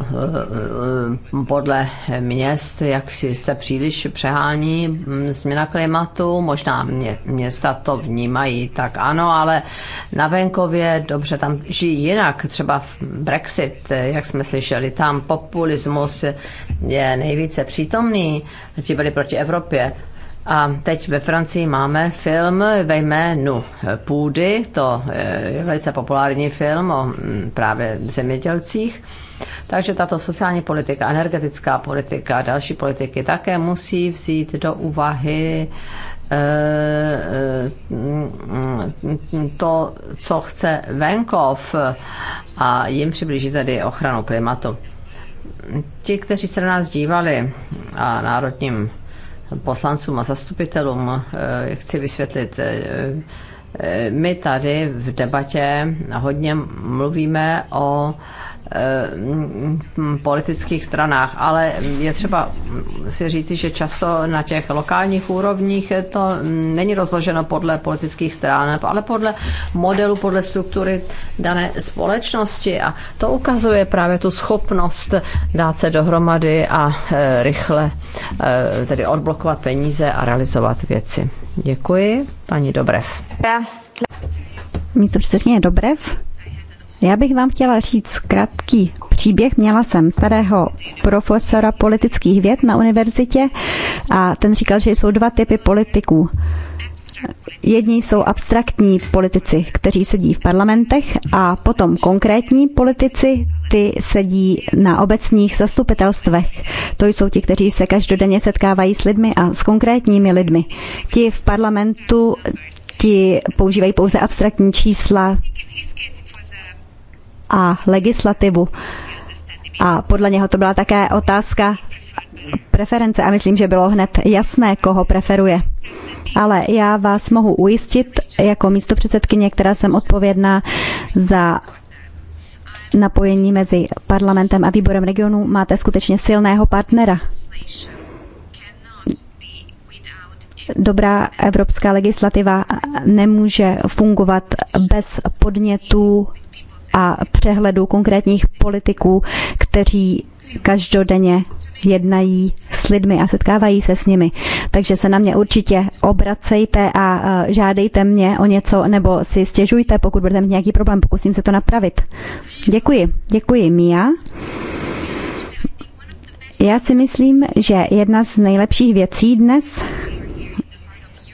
Eh, podle měst, jak si se příliš přehání hm, změna klimatu, možná mě, města to vnímají, tak ano, ale na venkově dobře tam žijí jinak, třeba Brexit, eh, jak jsme slyšeli, tam populismus je nejvíce přítomný, ti byli proti Evropě, a teď ve Francii máme film ve jménu Půdy, to eh, je velice populární film o mm, právě zemědělcích. Takže tato sociální politika, energetická politika a další politiky také musí vzít do úvahy eh, eh, to, co chce venkov a jim přiblíží tedy ochranu klimatu. Ti, kteří se na nás dívali a národním poslancům a zastupitelům eh, chci vysvětlit. Eh, eh, my tady v debatě hodně mluvíme o Eh, politických stranách, ale je třeba si říci, že často na těch lokálních úrovních to není rozloženo podle politických stran, ale podle modelu, podle struktury dané společnosti a to ukazuje právě tu schopnost dát se dohromady a eh, rychle eh, tedy odblokovat peníze a realizovat věci. Děkuji, paní Dobrev. Místo předsedkyně Dobrev. Já bych vám chtěla říct krátký příběh. Měla jsem starého profesora politických věd na univerzitě a ten říkal, že jsou dva typy politiků. Jedni jsou abstraktní politici, kteří sedí v parlamentech a potom konkrétní politici, ty sedí na obecních zastupitelstvech. To jsou ti, kteří se každodenně setkávají s lidmi a s konkrétními lidmi. Ti v parlamentu ti používají pouze abstraktní čísla, a legislativu. A podle něho to byla také otázka preference a myslím, že bylo hned jasné, koho preferuje. Ale já vás mohu ujistit jako místo předsedkyně, která jsem odpovědná za napojení mezi parlamentem a výborem regionu, máte skutečně silného partnera. Dobrá evropská legislativa nemůže fungovat bez podnětů a přehledu konkrétních politiků, kteří každodenně jednají s lidmi a setkávají se s nimi. Takže se na mě určitě obracejte a e, žádejte mě o něco nebo si stěžujte, pokud budete mít nějaký problém, pokusím se to napravit. Děkuji. Děkuji, Mia. Já si myslím, že jedna z nejlepších věcí dnes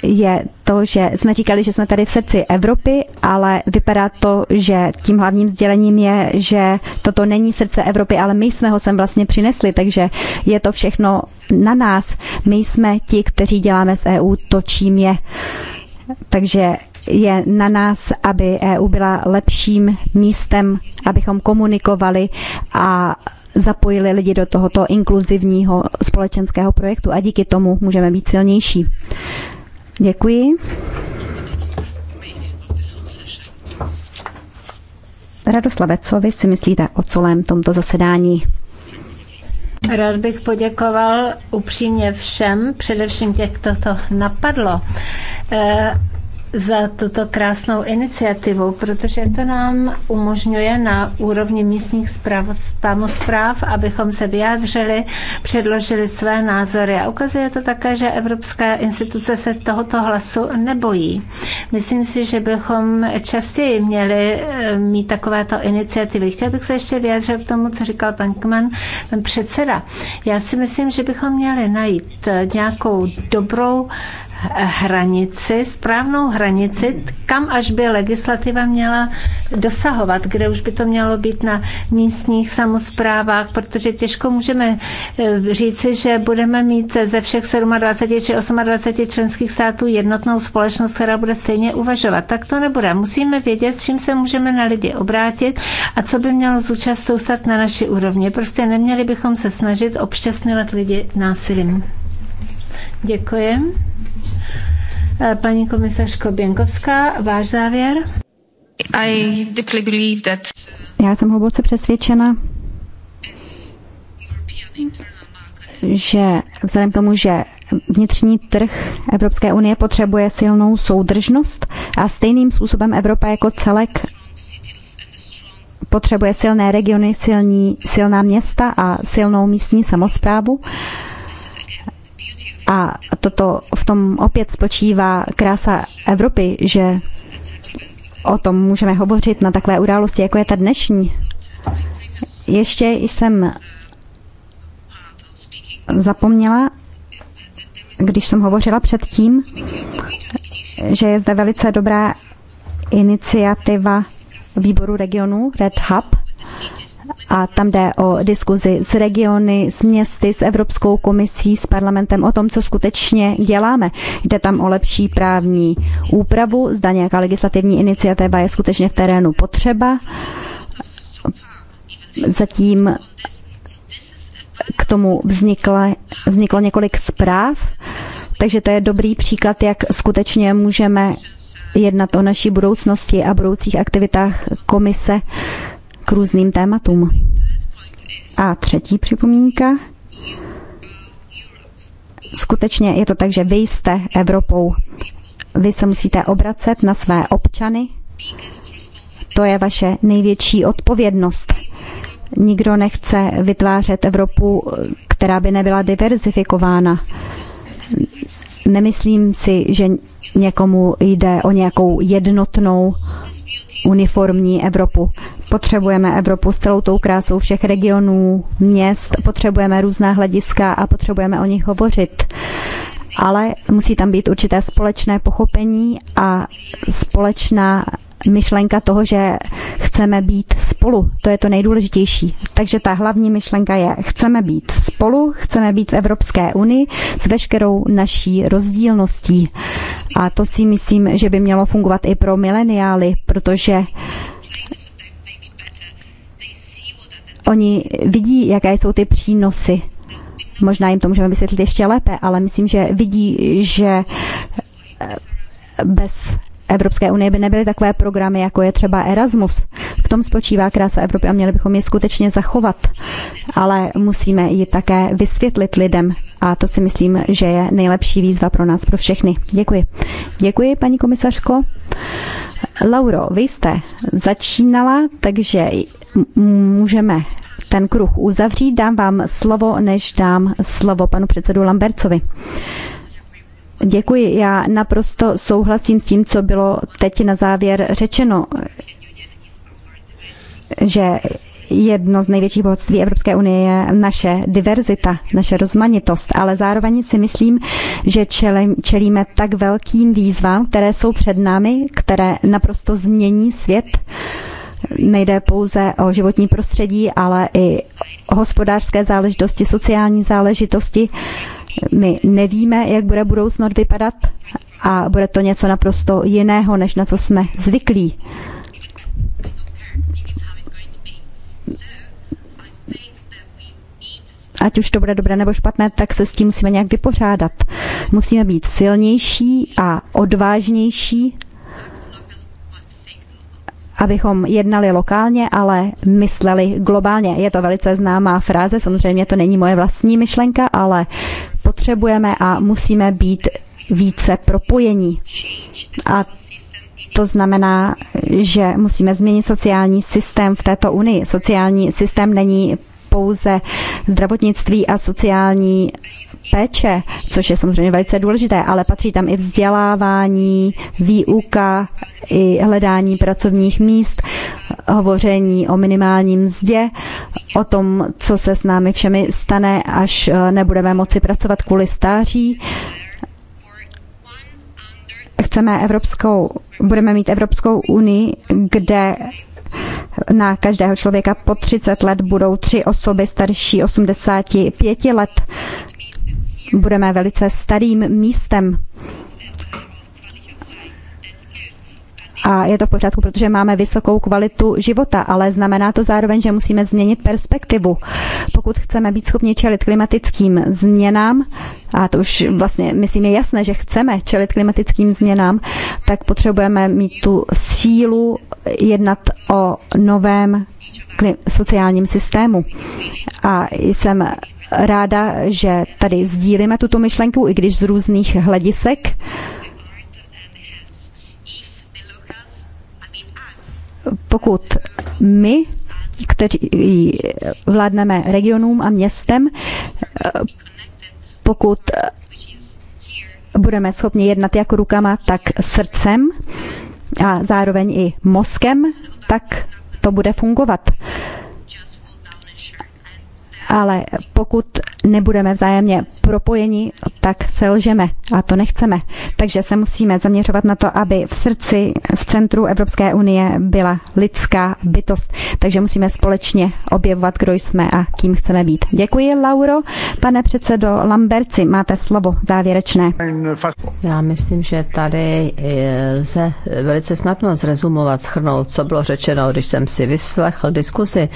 je to, že jsme říkali, že jsme tady v srdci Evropy, ale vypadá to, že tím hlavním sdělením je, že toto není srdce Evropy, ale my jsme ho sem vlastně přinesli, takže je to všechno na nás. My jsme ti, kteří děláme z EU to, čím je. Takže je na nás, aby EU byla lepším místem, abychom komunikovali a zapojili lidi do tohoto inkluzivního společenského projektu a díky tomu můžeme být silnější. Děkuji. Radoslavecovi si myslíte o celém tomto zasedání? Rád bych poděkoval upřímně všem, především těch, kdo to napadlo eh, za tuto krásnou iniciativu, protože to nám umožňuje na úrovni místních samozpráv, abychom se vyjádřili, předložili své názory. A ukazuje to také, že evropské instituce se tohoto hlasu nebojí. Myslím si, že bychom častěji měli eh, mít takovéto iniciativy. Chtěl bych se ještě vyjádřit k tomu, co říkal pan Kman, pan předseda. Já si myslím, že bychom měli najít eh, nějakou dobrou hranici, správnou hranici, kam až by legislativa měla dosahovat, kde už by to mělo být na místních samozprávách, protože těžko můžeme eh, říci, že budeme mít ze všech 27 či 28 členských států jednotnou společnost, která bude stejně uvažovat. Tak to nebude. Musíme vědět, s čím se můžeme na lidi obrátit a co by mělo zúčast soustat na naší úrovni. Prostě neměli bychom se snažit obšťastňovat lidi násilím. Děkuji. Eh, paní komisařko Běnkovská, váš závěr? I deeply believe that... Já jsem hluboce přesvědčena, že vzhledem k tomu, že vnitřní trh Evropské unie potřebuje silnou soudržnost a stejným způsobem Evropa jako celek potřebuje silné regiony, silní, silná města a silnou místní samozprávu, a toto v tom opět spočívá krása Evropy, že o tom můžeme hovořit na takové události, jako je ta dnešní. Ještě jsem zapomněla, když jsem hovořila předtím, že je zde velice dobrá iniciativa výboru regionu Red Hub, a tam jde o diskuzi s regiony, s městy, s Evropskou komisí, s parlamentem o tom, co skutečně děláme. Jde tam o lepší právní úpravu, zda nějaká legislativní iniciativa je skutečně v terénu potřeba. Zatím k tomu vzniklo vzniklo několik zpráv, takže to je dobrý příklad, jak skutečně můžeme jednat o naší budoucnosti a budoucích aktivitách komise k různým tématům. A třetí připomínka. Skutečně je to tak, že vy jste Evropou. Vy se musíte obracet na své občany. To je vaše největší odpovědnost. Nikdo nechce vytvářet Evropu, která by nebyla diverzifikována. Nemyslím si, že někomu jde o nějakou jednotnou uniformní Evropu. Potřebujeme Evropu s celou tou krásou všech regionů, měst, potřebujeme různá hlediska a potřebujeme o nich hovořit ale musí tam být určité společné pochopení a společná myšlenka toho, že chceme být spolu. To je to nejdůležitější. Takže ta hlavní myšlenka je, chceme být spolu, chceme být v Evropské unii s veškerou naší rozdílností. A to si myslím, že by mělo fungovat i pro mileniály, protože oni vidí, jaké jsou ty přínosy Možná jim to můžeme vysvětlit ještě lépe, ale myslím, že vidí, že eh, bez Evropské unie by nebyly takové programy, jako je třeba Erasmus. V tom spočívá krása Evropy a měli bychom je skutečně zachovat. Ale musíme ji také vysvětlit lidem a to si myslím, že je nejlepší výzva pro nás, pro všechny. Děkuji. Děkuji, paní komisařko. Lauro, vy jste začínala, takže můžeme ten kruh uzavřít. Dám vám slovo, než dám slovo panu předsedu Lambercovi. Děkuji. Já naprosto souhlasím s tím, co bylo teď na závěr řečeno, že jedno z největších bohatství Evropské unie je naše diverzita, naše rozmanitost, ale zároveň si myslím, že čelíme tak velkým výzvám, které jsou před námi, které naprosto změní svět. Nejde pouze o životní prostředí, ale i hospodářské záležitosti, sociální záležitosti. My nevíme, jak bude budoucnost vypadat a bude to něco naprosto jiného, než na co jsme zvyklí. ať už to bude dobré nebo špatné, tak se s tím musíme nějak vypořádat. Musíme být silnější a odvážnější abychom jednali lokálně, ale mysleli globálně. Je to velice známá fráze, samozřejmě to není moje vlastní myšlenka, ale potřebujeme a musíme být více propojení. A to znamená, že musíme změnit sociální systém v této unii. Sociální systém není pouze zdravotnictví a sociální péče, což je samozřejmě velice důležité, ale patří tam i vzdělávání, výuka, i hledání pracovních míst, hovoření o minimálním mzdě, o tom, co se s námi všemi stane, až eh, nebudeme moci pracovat kvůli stáří. Chceme evropskou, budeme mít Evropskou unii, kde na každého člověka po 30 let budou tři osoby starší 85 let budeme velice starým místem. a je to v pořádku, protože máme vysokou kvalitu života, ale znamená to zároveň, že musíme změnit perspektivu. Pokud chceme být schopni čelit klimatickým změnám, a to už vlastně myslím je jasné, že chceme čelit klimatickým změnám, tak potřebujeme mít tu sílu jednat o novém sociálním systému. A jsem ráda, že tady sdílíme tuto myšlenku, i když z různých hledisek. pokud my, kteří vládneme regionům a městem, pokud budeme schopni jednat jak rukama, tak srdcem a zároveň i mozkem, tak to bude fungovat ale pokud nebudeme vzájemně propojeni, tak se lžeme a to nechceme. Takže se musíme zaměřovat na to, aby v srdci, v centru Evropské unie byla lidská bytost. Takže musíme společně objevovat, kdo jsme a kým chceme být. Děkuji, Lauro. Pane předsedo Lamberci, máte slovo závěrečné. Já myslím, že tady eh, lze velice snadno zrezumovat, schrnout, co bylo řečeno, když jsem si vyslechl diskusi.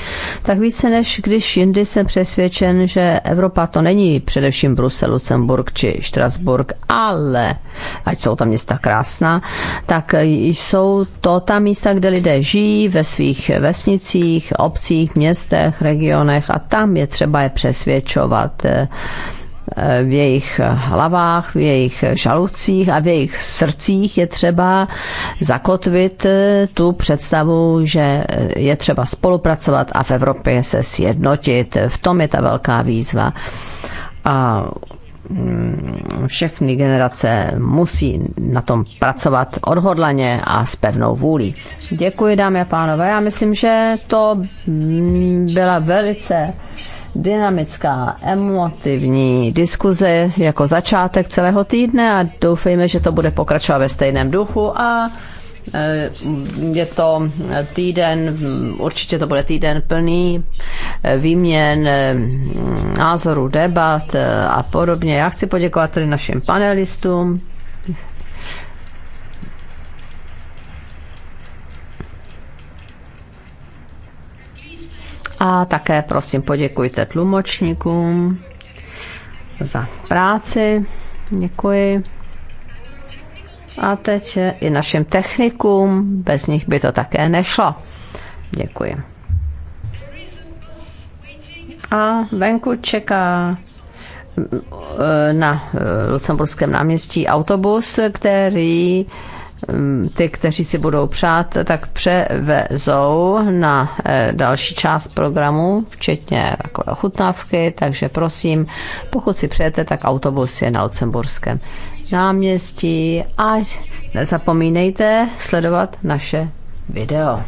Tak více než když jindy jsem před přesvědčen, že Evropa to není především Brusel, Lucemburg či Štrasburg, ale ať jsou tam města krásná, tak jsou to ta místa, kde lidé žijí ve svých vesnicích, obcích, městech, regionech a tam je třeba je přesvědčovat Eh, v jejich hlavách, v jejich žalucích a v jejich srdcích je třeba zakotvit eh, tu představu, že eh, je třeba spolupracovat a v Evropě se sjednotit. V tom je ta velká výzva. A mm, všechny generace musí na tom pracovat odhodlaně a s pevnou vůlí. Děkuji, dámy a pánové. Já myslím, že to mm, byla velice dynamická, emotivní diskuze jako začátek celého týdne a doufejme, že to bude pokračovat ve stejném duchu a eh, je to týden, určitě to bude týden plný eh, výměn eh, názorů, debat a podobně. Já chci poděkovat tedy našim panelistům A také prosím poděkujte tlumočníkům za práci. Děkuji. A teď i našim technikům, bez nich by to také nešlo. Děkuji. A venku čeká mm, mm, na eh, Lucemburském náměstí autobus, který Ehm, ty, kteří si budou přát, tak převezou na eh, další část programu, včetně takové chutnávky, takže prosím, pokud si přejete, tak autobus je na Lucemburském náměstí a nezapomínejte sledovat naše video.